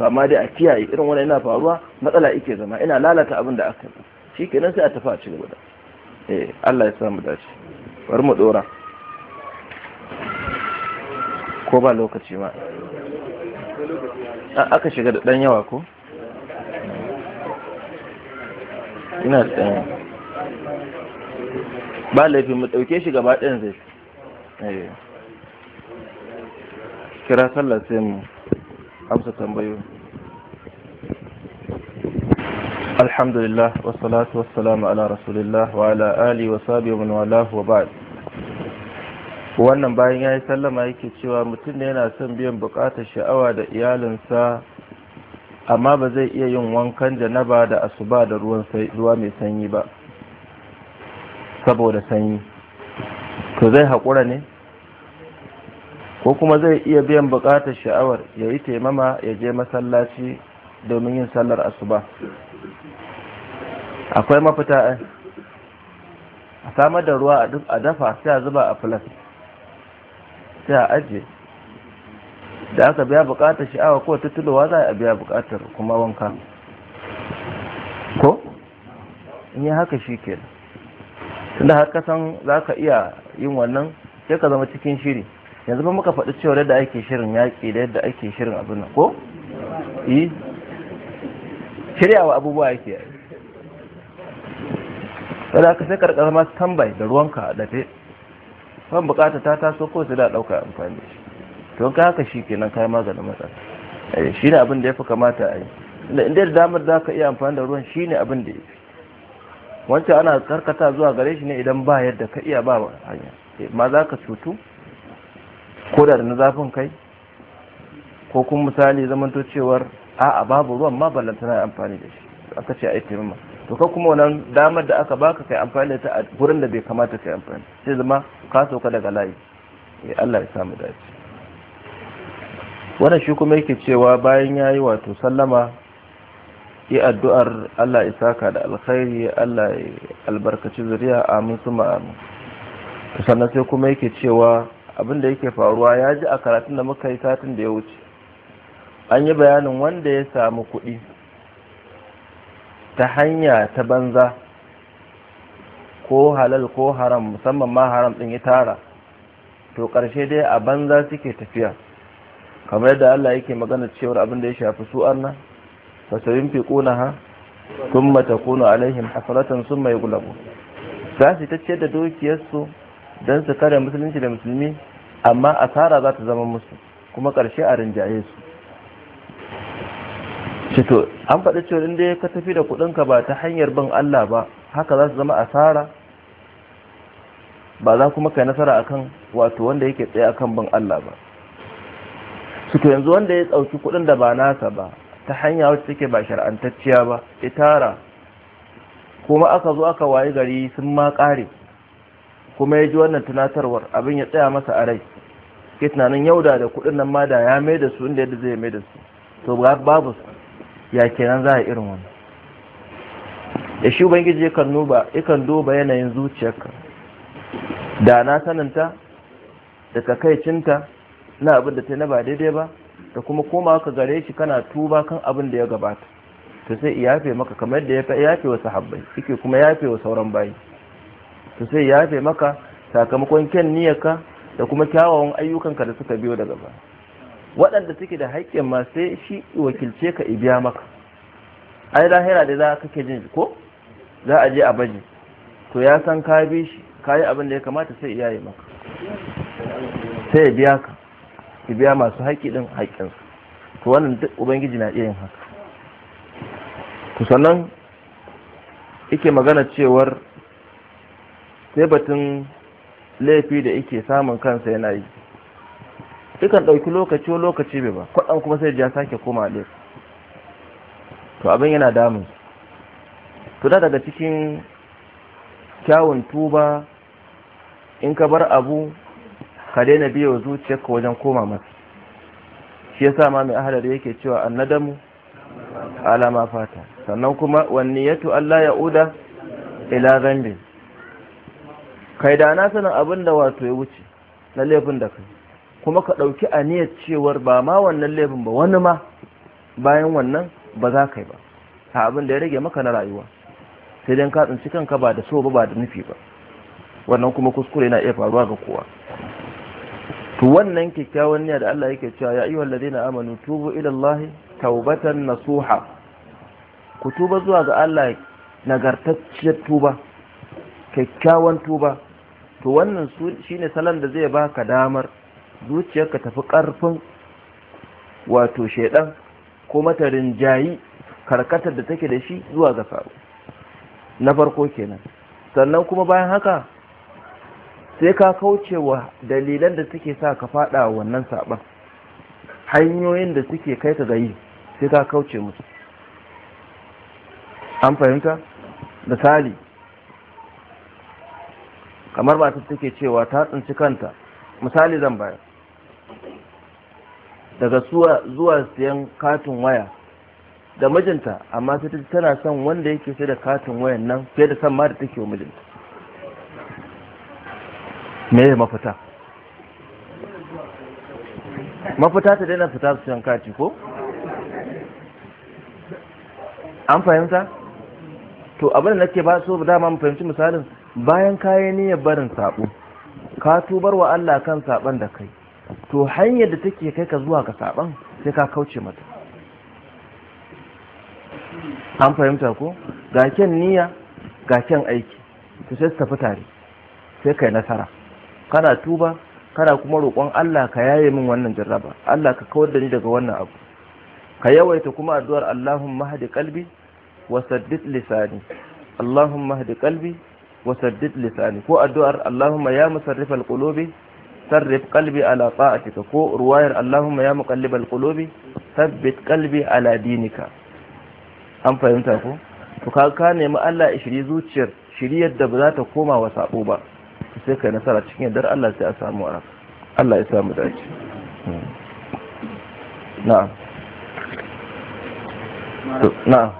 fama dai a kiyaye irin wani yana faruwa matsala ike zama ina lalata abin da aka yi shikenan sai a tafi a ci gaba da eh Allah ya samu dace bari mu dora ko ba lokaci ma A aka shiga da dan yawa ko ina da dan ba laifin mu dauke shi gaba ɗayan zai eh. kira sallar sai mu amsa tambayo alhamdulillah wasu wassalamu ala rasulillah wa ala ali wa sabi wa wa ba'd wannan bayan ya yi sallama yake cewa mutum ne yana son biyan bukatar sha'awa da iyalinsa amma ba zai iya yin wankan janaba da asuba da ruwa mai sanyi ba saboda sanyi to zai haƙura ne ko kuma zai iya biyan buƙatar sha'awar ya yi taimama ya je masallaci domin yin sallar asuba akwai mafita ai a samar da ruwa a dafa sai a zuba a filas sai a ajiye da aka biya buƙatar sha'awa ko tutulowa za a biya buƙatar kuma wanka ko in yi haka shi ke tunda har kasan za ka iya yin wannan sai ka zama cikin shiri yanzu ba muka faɗi cewa da ake shirin yaƙi da yadda ake shirin abin nan ko? yi eh. shiryawa abubuwa yake yi wadda ka sai karkar masu tambayi da ruwanka a dafe ban bukata ta taso ko su da ɗauka amfani da shi to ka haka shi ke nan kayan maganin matsala eh, shi ne abin da ya fi kamata a yi da inda da damar za ka iya amfani da ruwan shi ne abin da ya fi wancan ana karkata zuwa gare shi ne idan ba yadda ka iya ba hanya eh, ma za ka cutu ko da na zafin kai ko kuma misali zamanto cewar a'a babu ruwan ma tana amfani da shi aka ce a yi taimama to ka kuma wannan damar da aka baka kai amfani da ta a gurin da bai kamata kai amfani sai zama ka sauka daga layi ya eh, Allah ya samu dace wannan shi kuma yake cewa bayan ya yi wato sallama yi addu'ar Allah ya saka da alkhairi Allah ya albarkaci zuriya amin suma amin sannan sai kuma yake cewa abin da yake faruwa ya ji a karatun da muka yi satin da ya wuce an yi bayanin wanda ya samu kuɗi ta hanya ta banza ko halal ko haram musamman ma haram ɗin ya tara to ƙarshe dai a banza suke tafiya kamar yadda Allah yake magana cewar abinda ya shafi su arna fasarin fi Ha? sun matakuna alaihim hasaratan sun mai gulabu za su ta ce da dukiyarsu don su kare musulunci da musulmi amma asara za ta zama musu kuma ƙarshe a rinjaye su cito an faɗi cewa inda ka tafi da kuɗinka ba ta hanyar bin Allah ba haka za su zama asara ba za kuma kai nasara akan wato wanda yake tsaye akan bin Allah ba cito yanzu wanda ya tsauki kuɗin da ba nasa ba ta hanya wacce take ba shar'antacciya ba tara kuma aka zo aka wayi gari sun ma ƙare kuma ya ji wannan tunatarwar abin ya tsaya masa a rai ke tunanin yauda da kuɗin nan ma da ya mai da su inda yadda zai mai da su to babu ya kenan za a irin wani. da shi ubangiji yakan duba duba yanayin zuciyarka da na saninta da takaicinta na abin da ta na ba daidai ba da kuma koma ka gare shi kana tuba kan abin da ya gabata to sai iyafe maka kamar da ya fi wa sahabbai yake kuma yafewa wa sauran bayi to sai ya yafe maka sakamakon kyan niyyarka da kuma kyawawan ayyukan ka da suka biyo daga ba waɗanda suke da haƙƙin ma sai shi wakilce ka ibiya maka ai lahira da za ka kake jin ko za a je a baji to ya san ka bi shi ka yi abin da ya kamata sai yi maka sai ya biya ka Ibiya masu haƙƙi ɗin haƙƙinsu to wannan duk ubangiji na iya yin haka to sannan yake magana cewar sai batun laifi da yake samun kansa yana yi dukan ɗauki lokaci lokaci bai ba kwaɗan kuma sai ya sake koma laifi to abin yana damun to da daga cikin kyawun tuba in ka bar abu ka daina biya wa zuciyarka wajen koma masa shi ya ma mai ahalar yake cewa annadamu alama fata sannan kuma wanni ya Allah ya'uda uda ila zambi kai da na sanin abin da wato ya wuce na laifin da kai kuma ka ɗauki a niyyar cewar ba ma wannan laifin ba wani ma bayan wannan ba za ka yi ba a abin da ya rage maka na rayuwa sai dai ka tsinci kanka ba da so ba ba da nufi ba wannan kuma kuskure na iya faruwa ga kowa to wannan kyakkyawan niyya da Allah yake cewa ya ayyuhal ladina amanu tubu ila Allah taubatan nasuha ku tuba zuwa ga Allah nagartacciyar tuba kyakkyawan tuba to wannan shi ne salon da zai ba ka damar zuciyarka tafi karfin wato shaidan ko matarin jayi karkatar da take da shi zuwa ga faru na farko kenan sannan kuma bayan haka sai ka kauce wa dalilan da suke sa ka fada wannan saban hanyoyin da suke kai ka gayi sai ka kauce musu an fahimta misali kamar ta suke cewa ta tsinci kanta misali zan bayar daga zuwa siyan katin waya da mijinta amma sai tana son wanda yake sai da katin wayan nan fiye da son ma da take wa mijinta me ya mafita mafita ta daina fita su siyan kati ko an fahimta to abin da nake ba so dama mu fahimci misalin bayan kayi niyyar barin saɓo, ka tubar wa Allah kan saban da kai to hanyar da take kai ka zuwa ga saban sai ka kauce mata an fahimta ko ga kyan niyya ga kyan aiki to sai tafi tare sai kai nasara kana tuba kana kuma roƙon Allah ka yaye min wannan jarraba Allah ka kawar da ni daga wannan abu ka yawaita kuma addu'ar Allahumma hadi qalbi wa saddid lisani Allahumma hadi qalbi وسدد لساني lisani ko addu'ar Allahumma ya القلوب صرف sarrif على ala كو ko ruwayar Allahumma ya القلوب ثبت قلبي على ala dinika an fahimta ko to ka nemi Allah ya shiri zuciyar shiriyar da ba za ta koma wa sabo ba sai kai nasara cikin yardar Allah sai a samu Allah ya samu dace na na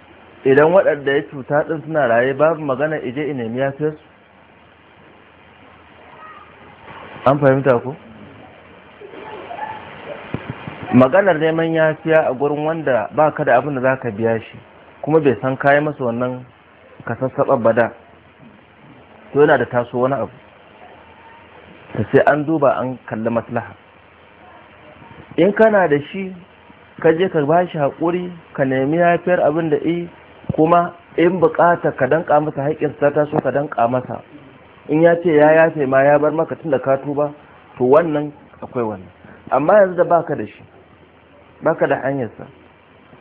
idan waɗanda ya cuta ɗin suna raye babu magana ije ina ya su an fahimta ku maganar neman yafiya a gurin wanda ba ka da abin da za ka biya shi kuma bai san kayi masa wannan ka ba bada to yana da taso wani abu ta sai an duba an kalli maslaha in kana da shi ka je ka ba shi haƙuri ka nemi yafiyar abin da iya kuma in bukata ka danka masa haƙƙin sa ta so ka danka masa in ya ce ya yafe ma ya bar maka tunda ka tuba to wannan akwai wannan amma yanzu da baka da shi baka da hanyar sa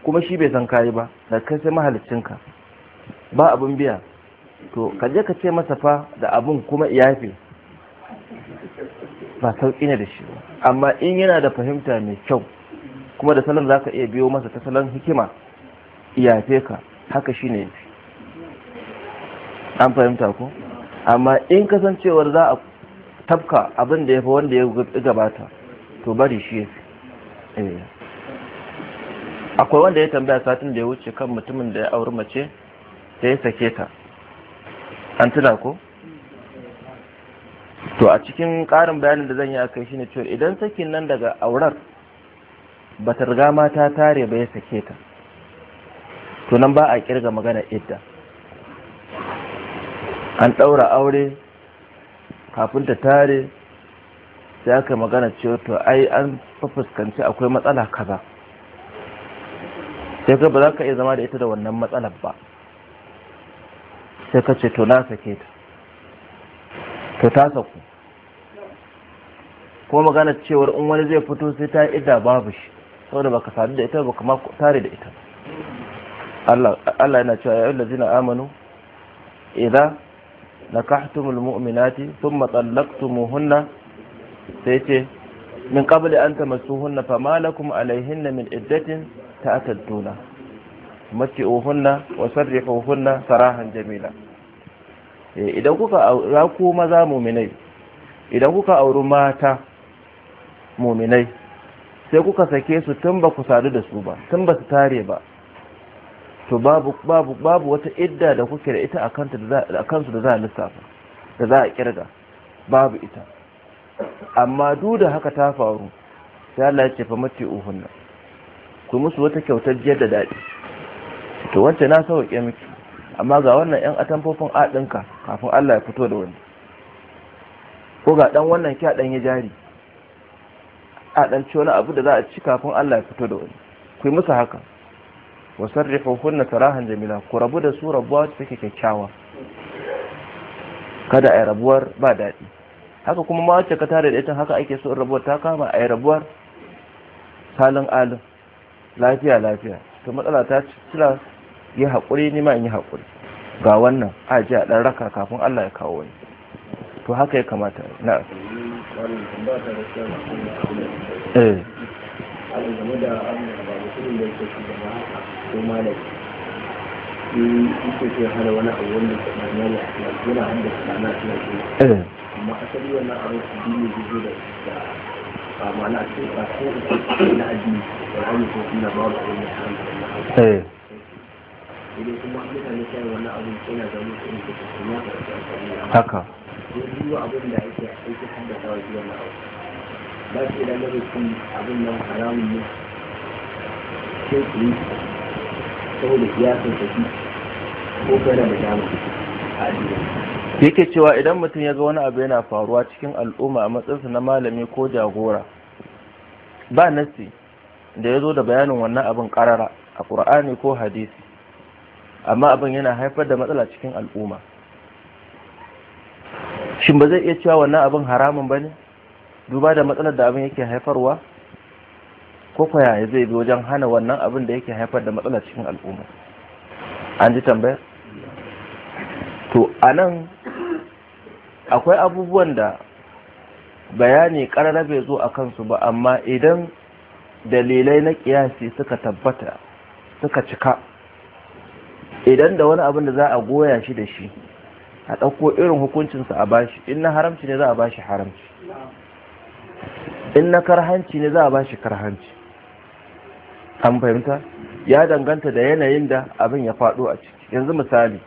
kuma shi bai san kayi ba da kai sai mahaliccinka ba abun biya to ka je ka ce masa fa da abun kuma yafe ba sauƙi ne da shi ba amma in yana da fahimta mai kyau kuma da salon za ka iya biyo masa ta salon hikima iyafe ka haka shi ne an fahimta ko amma in kasancewar za a tafka abin da ya fi wanda ya gabata to bari shi ya fi eh. akwai wanda ya tambaya satin da ya wuce kan mutumin da ya auri mace da ya sake ta an tuna ko to a cikin ƙarin bayanin da zan yi shi ne cewa idan sakin nan daga aurar ba ta riga mata tare ba ya sake ta to nan ba a kirga magana idda an ɗaura aure kafin ta tare sai aka magana cewa to ai an fuskanci akwai matsala kaza sai ka ba za ka iya zama da ita da wannan matsalar ba sai ka ce to na sake ta to ta saku ko magana cewar in wani zai fito sai ta idda babu shi saboda baka sadu da ita ba kuma tare da ita Allah yana cewa da zina, amanu Idan na nakahtumul mu'minati thumma talaqtumuhunna sai ce min qabli an tamassuhunna fama lakum alaihinna min iddatin ta'tadduna mati'uhunna wa sarrihuhunna sarahan jamila eh, idan kuka aura ku maza mu'minai idan kuka auri mata mu'minai sai kuka sake su tun ba ku sadu da su ba tun ba su tare ba to babu babu babu wata idda da kuke da ita a da kansu da za a lissafa da za a kirga babu ita amma duk da haka ta faru sai Allah ya ce fa mati uhunna ku musu wata kyautar jiyar da daɗi to wacce na sauke miki amma ga wannan yan atamfofin a kafin Allah ya fito da wani ko ga dan wannan kya dan ya jari a dan ci wani abu da za a ci kafin Allah ya fito da wani ku yi musu haka wa sarrihu hunna sarahan jamila ku rabu da su rabuwa su take kyakkyawa kada a ai rabuwar ba daɗi haka kuma ma wacce ka tare da ita haka ake so rabuwar ta kama ai rabuwar salin alin lafiya lafiya to matsala ta cira yi haƙuri ni ma in yi haƙuri ga wannan a ji a ɗan raka kafin Allah ya kawo wani to haka ya kamata na
eh ko malam yake so hana wani abu wanda ke manya ne yana haddasa ma'ana a cikin addini eh. amma asali wannan abu addini zai zo da ba ma'ana a cikin ba ko na addini ba wani ko kuma babu abin da haramta wannan abu idan kuma mutane sai wannan abin yana zama su ne da su ya karɓi amfani da haka ko zuwa abin da ake aiki haddasa wa zuwa na abu ba su da labarin abin nan haramun ne sai su yi saboda tafi ko da dama a
yake cewa idan mutum ya ga wani abu yana faruwa cikin al'umma a matsayinsa na malami ko jagora ba nasi da ya zo da bayanin wannan abin karara a ƙur'ani ko hadisi amma abin yana haifar da matsala cikin al'umma shin ba zai iya cewa wannan abin haramun ba ne duba da matsalar da abin yake haifarwa kwaikwaya ya zai bi wajen hana wannan abin da yake haifar da matsala cikin al'umma an ji tambayar to a nan akwai abubuwan da bayani karara bai zo a kansu ba amma idan dalilai na kiyasi suka tabbata suka cika idan da wani abin da za a goya shi da shi a ɗauko irin hukuncinsa a bashi in na haramci ne za a bashi haramci in na karhanci ne za a bashi karhanci an fahimta ya danganta da yanayin da abin ya faɗo a ciki yanzu misali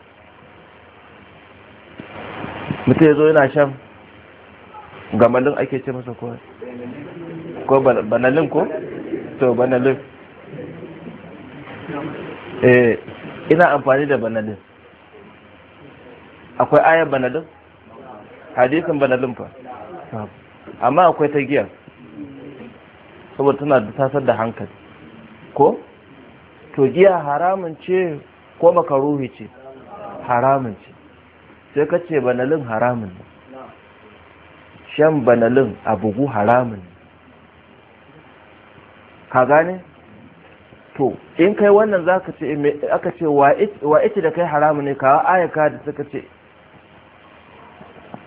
mutum ya zo yana shan gamalin ake ce masa kowai, ko banalin ko to banalin eh ina amfani da banalin akwai ayar banalin hadisin banalin fa amma akwai ta giya saboda tana da tasar da hankali ko to giya haramun ce ko makaruhi ce haramun ce sai ka ce banalin haramun ne shan banalin a bugu haramun ne ka gane to in kai wannan za ka ce aka ce wa ita da kai haramun ne kawo ayaka da suka ce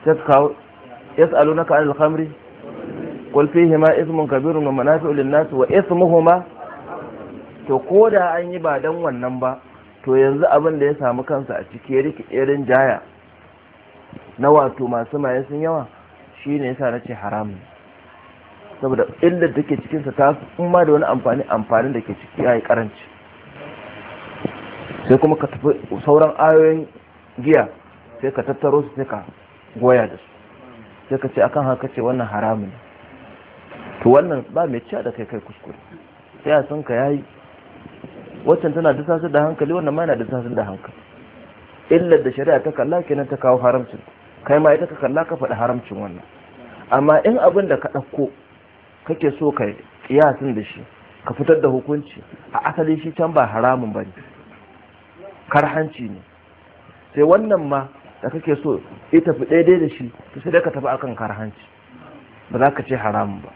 ta kawo yas'alunaka anil khamri qul fihi ma ismun kabirun wa manafi'u nasu nas wa ismuhuma to ko da an yi ba don wannan ba to yanzu abin da ya samu kansa a ciki ya irin jaya na wato masu maye sun yawa shi ne yasa na ce haramun saboda da ke cikinsa ta in ma da wani amfani amfanin da ke ciki ya yi karanci sai kuma ka tafi sauran ayoyin giya sai ka tattaro su sai ka goya da su sai ka ce akan haka ce wannan haramun to wannan ba mai ciya da kai kai kuskure sai a sun ka yayi waccan tana dusasar da hankali wannan ma yana dusasar da hankali illar da shari'a ta kalla kenan ta kawo haramcin kai ma ita ka kalla ka faɗi haramcin wannan amma in abin da ka ɗauko kake so ka kiyasin da shi ka fitar da hukunci a asali shi can ba haramun ba ne karhanci ne sai wannan ma da kake so ita fi daidai da shi to sai dai ka tafi akan karhanci ba za ka ce haramun ba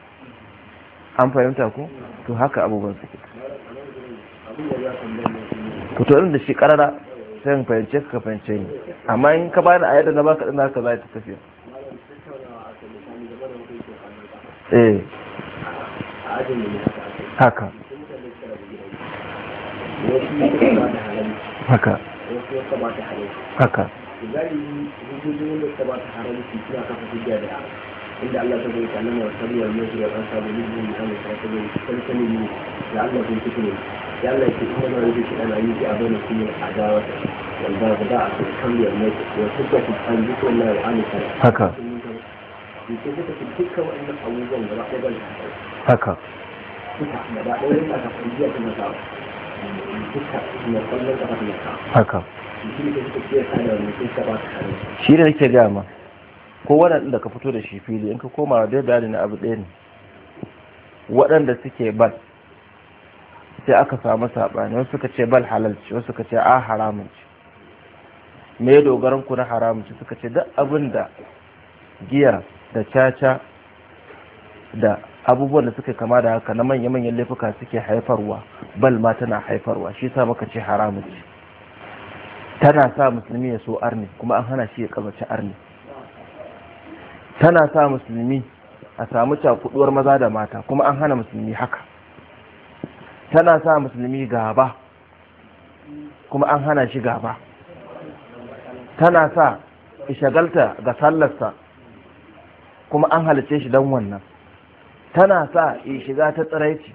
an fahimta ko to haka abubuwan suke ku tuwa da shi karara sai in fahimce ka fahimce ni amma in ka bani a yadda na baka dana ka za ta tafiya eh haka haka haka haka
inda Allah ta zai kanin wa tabiya ne ga ran sa da yin da Allah ta zai kanin ne ya Allah ku kike ne ya Allah ki kuma da rubi shi ana yi a bayan kuma a dawo dan da da a kan ya ne ya kuka ki kan ji ko na ya ne
haka ki kike ko waɗanda ka fito da shi fili in ka koma da bayani na abu ɗaya ne waɗanda suke bal sai aka samu saɓani wasu suka ce bal halal wasu suka ce a haramun ce me dogaran ku na haramun ce suka ce duk abin da giya da caca da abubuwan da suka kama da haka na manya-manyan laifuka suke haifarwa bal ma tana haifarwa shi sa muka ce haramun ce tana sa musulmi ya so arni kuma an hana shi ya kabace arni tana sa musulmi a samu cakuduwar maza da mata kuma an hana musulmi haka tana sa musulmi gaba kuma an hana shi gaba tana sa ishagalta ga sallarsa kuma an halice shi don wannan tana sa yi shiga ta tsiraici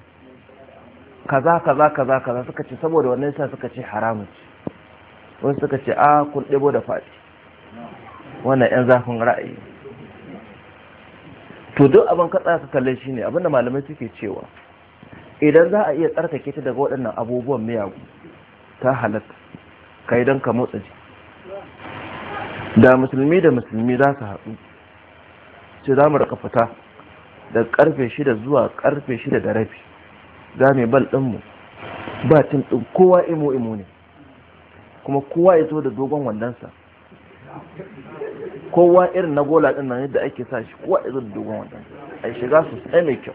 kaza kaza kaza kaza suka ce saboda wannan sa suka ce haramun ce suka ce a ah, kun ɗebo da faɗi wannan 'yan zafin ra'ayi to duk abin ka tsaya ka kalle shi ne abinda malamai suke cewa idan za a iya tsarkake ta daga waɗannan abubuwan miyagu ta halatta kai don ka motsa ji da musulmi da musulmi za su haɗu ce za mu raka fita da karfe shida zuwa ƙarfe shida da rafi za mu yi bal ɗinmu ba cin ɗin kowa imo imo ne kuma kowa ya zo da dogon wandonsa kowa irin na gola ɗin nan yadda ake sa shi kowa irin dogon wannan ai shiga su sai mai kyau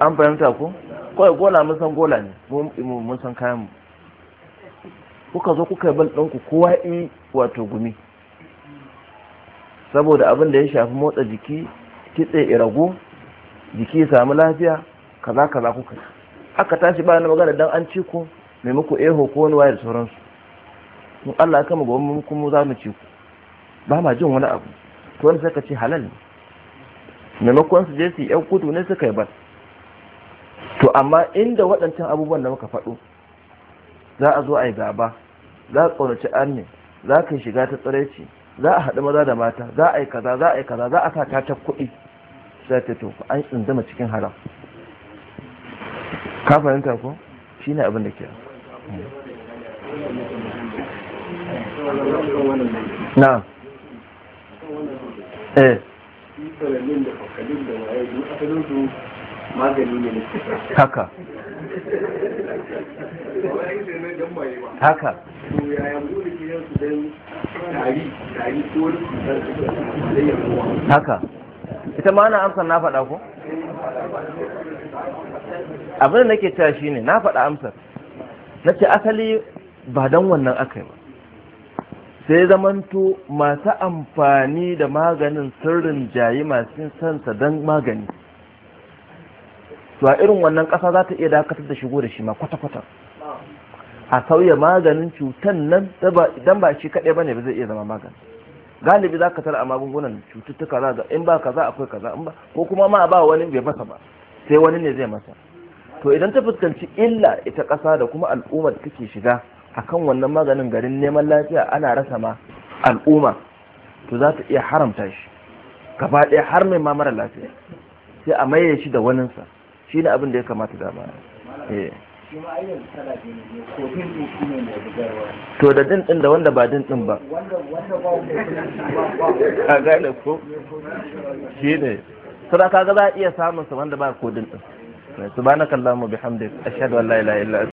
an fahimta ko kawai gola mun san gola ne mun san kayan mu kuka zo kuka yi bal ku kowa yi wato gumi saboda abin da ya shafi motsa jiki kitse irago jiki ya samu lafiya kaza kaza kuka aka tashi na magana dan an ci ku, ko muku eho ko wani wayar da sauransu in Allah ya kama gwamnati kuma za mu ci ku ba ma jin wani abu to wani suka ce halal ne maimakon su je su yi kudu ne suka yi ba to amma inda waɗancan abubuwan da muka faɗo za a zo a yi gaba za a ƙaunaci arne za ka shiga ta tsaraici za a haɗu maza da mata za a yi kaza za a yi kaza za a sa ta kuɗi za ta to an tsindama cikin haram ka fahimta ko shine abin da ke na eh haka haka haka ita ma ana amsar na faɗa ko abin da nake cewa shine na faɗa amsar na ce asali ba don wannan aka yi ba sai zamanto masu amfani da maganin sirrin jayi masu sansa don magani to a irin wannan ƙasa za ta iya dakatar da shigo da shi ma kwata-kwata a sauya maganin cutan nan idan ba shi kaɗai bane ba zai iya zama magani galibi za ka tara a magungunan cututtuka za ga in ba kaza akwai kaza in ba ko kuma ma ba wani bai masa ba sai wani ne zai masa to idan ta fuskanci illa ita ƙasa da kuma al'ummar take shiga akan wannan maganin garin neman lafiya ana rasa ma al'umma to za ta iya haramta shi gaba ɗaya har mai ma mara lafiya sai a maye shi da waninsa shi ne abin da ya kamata da ba. Eh. to da din din da wanda ba din din ba a gane ko shi ne sura kaga za a iya samun sa wanda ba ko din din subhanakallahumma bihamdika ashhadu an la ilaha illa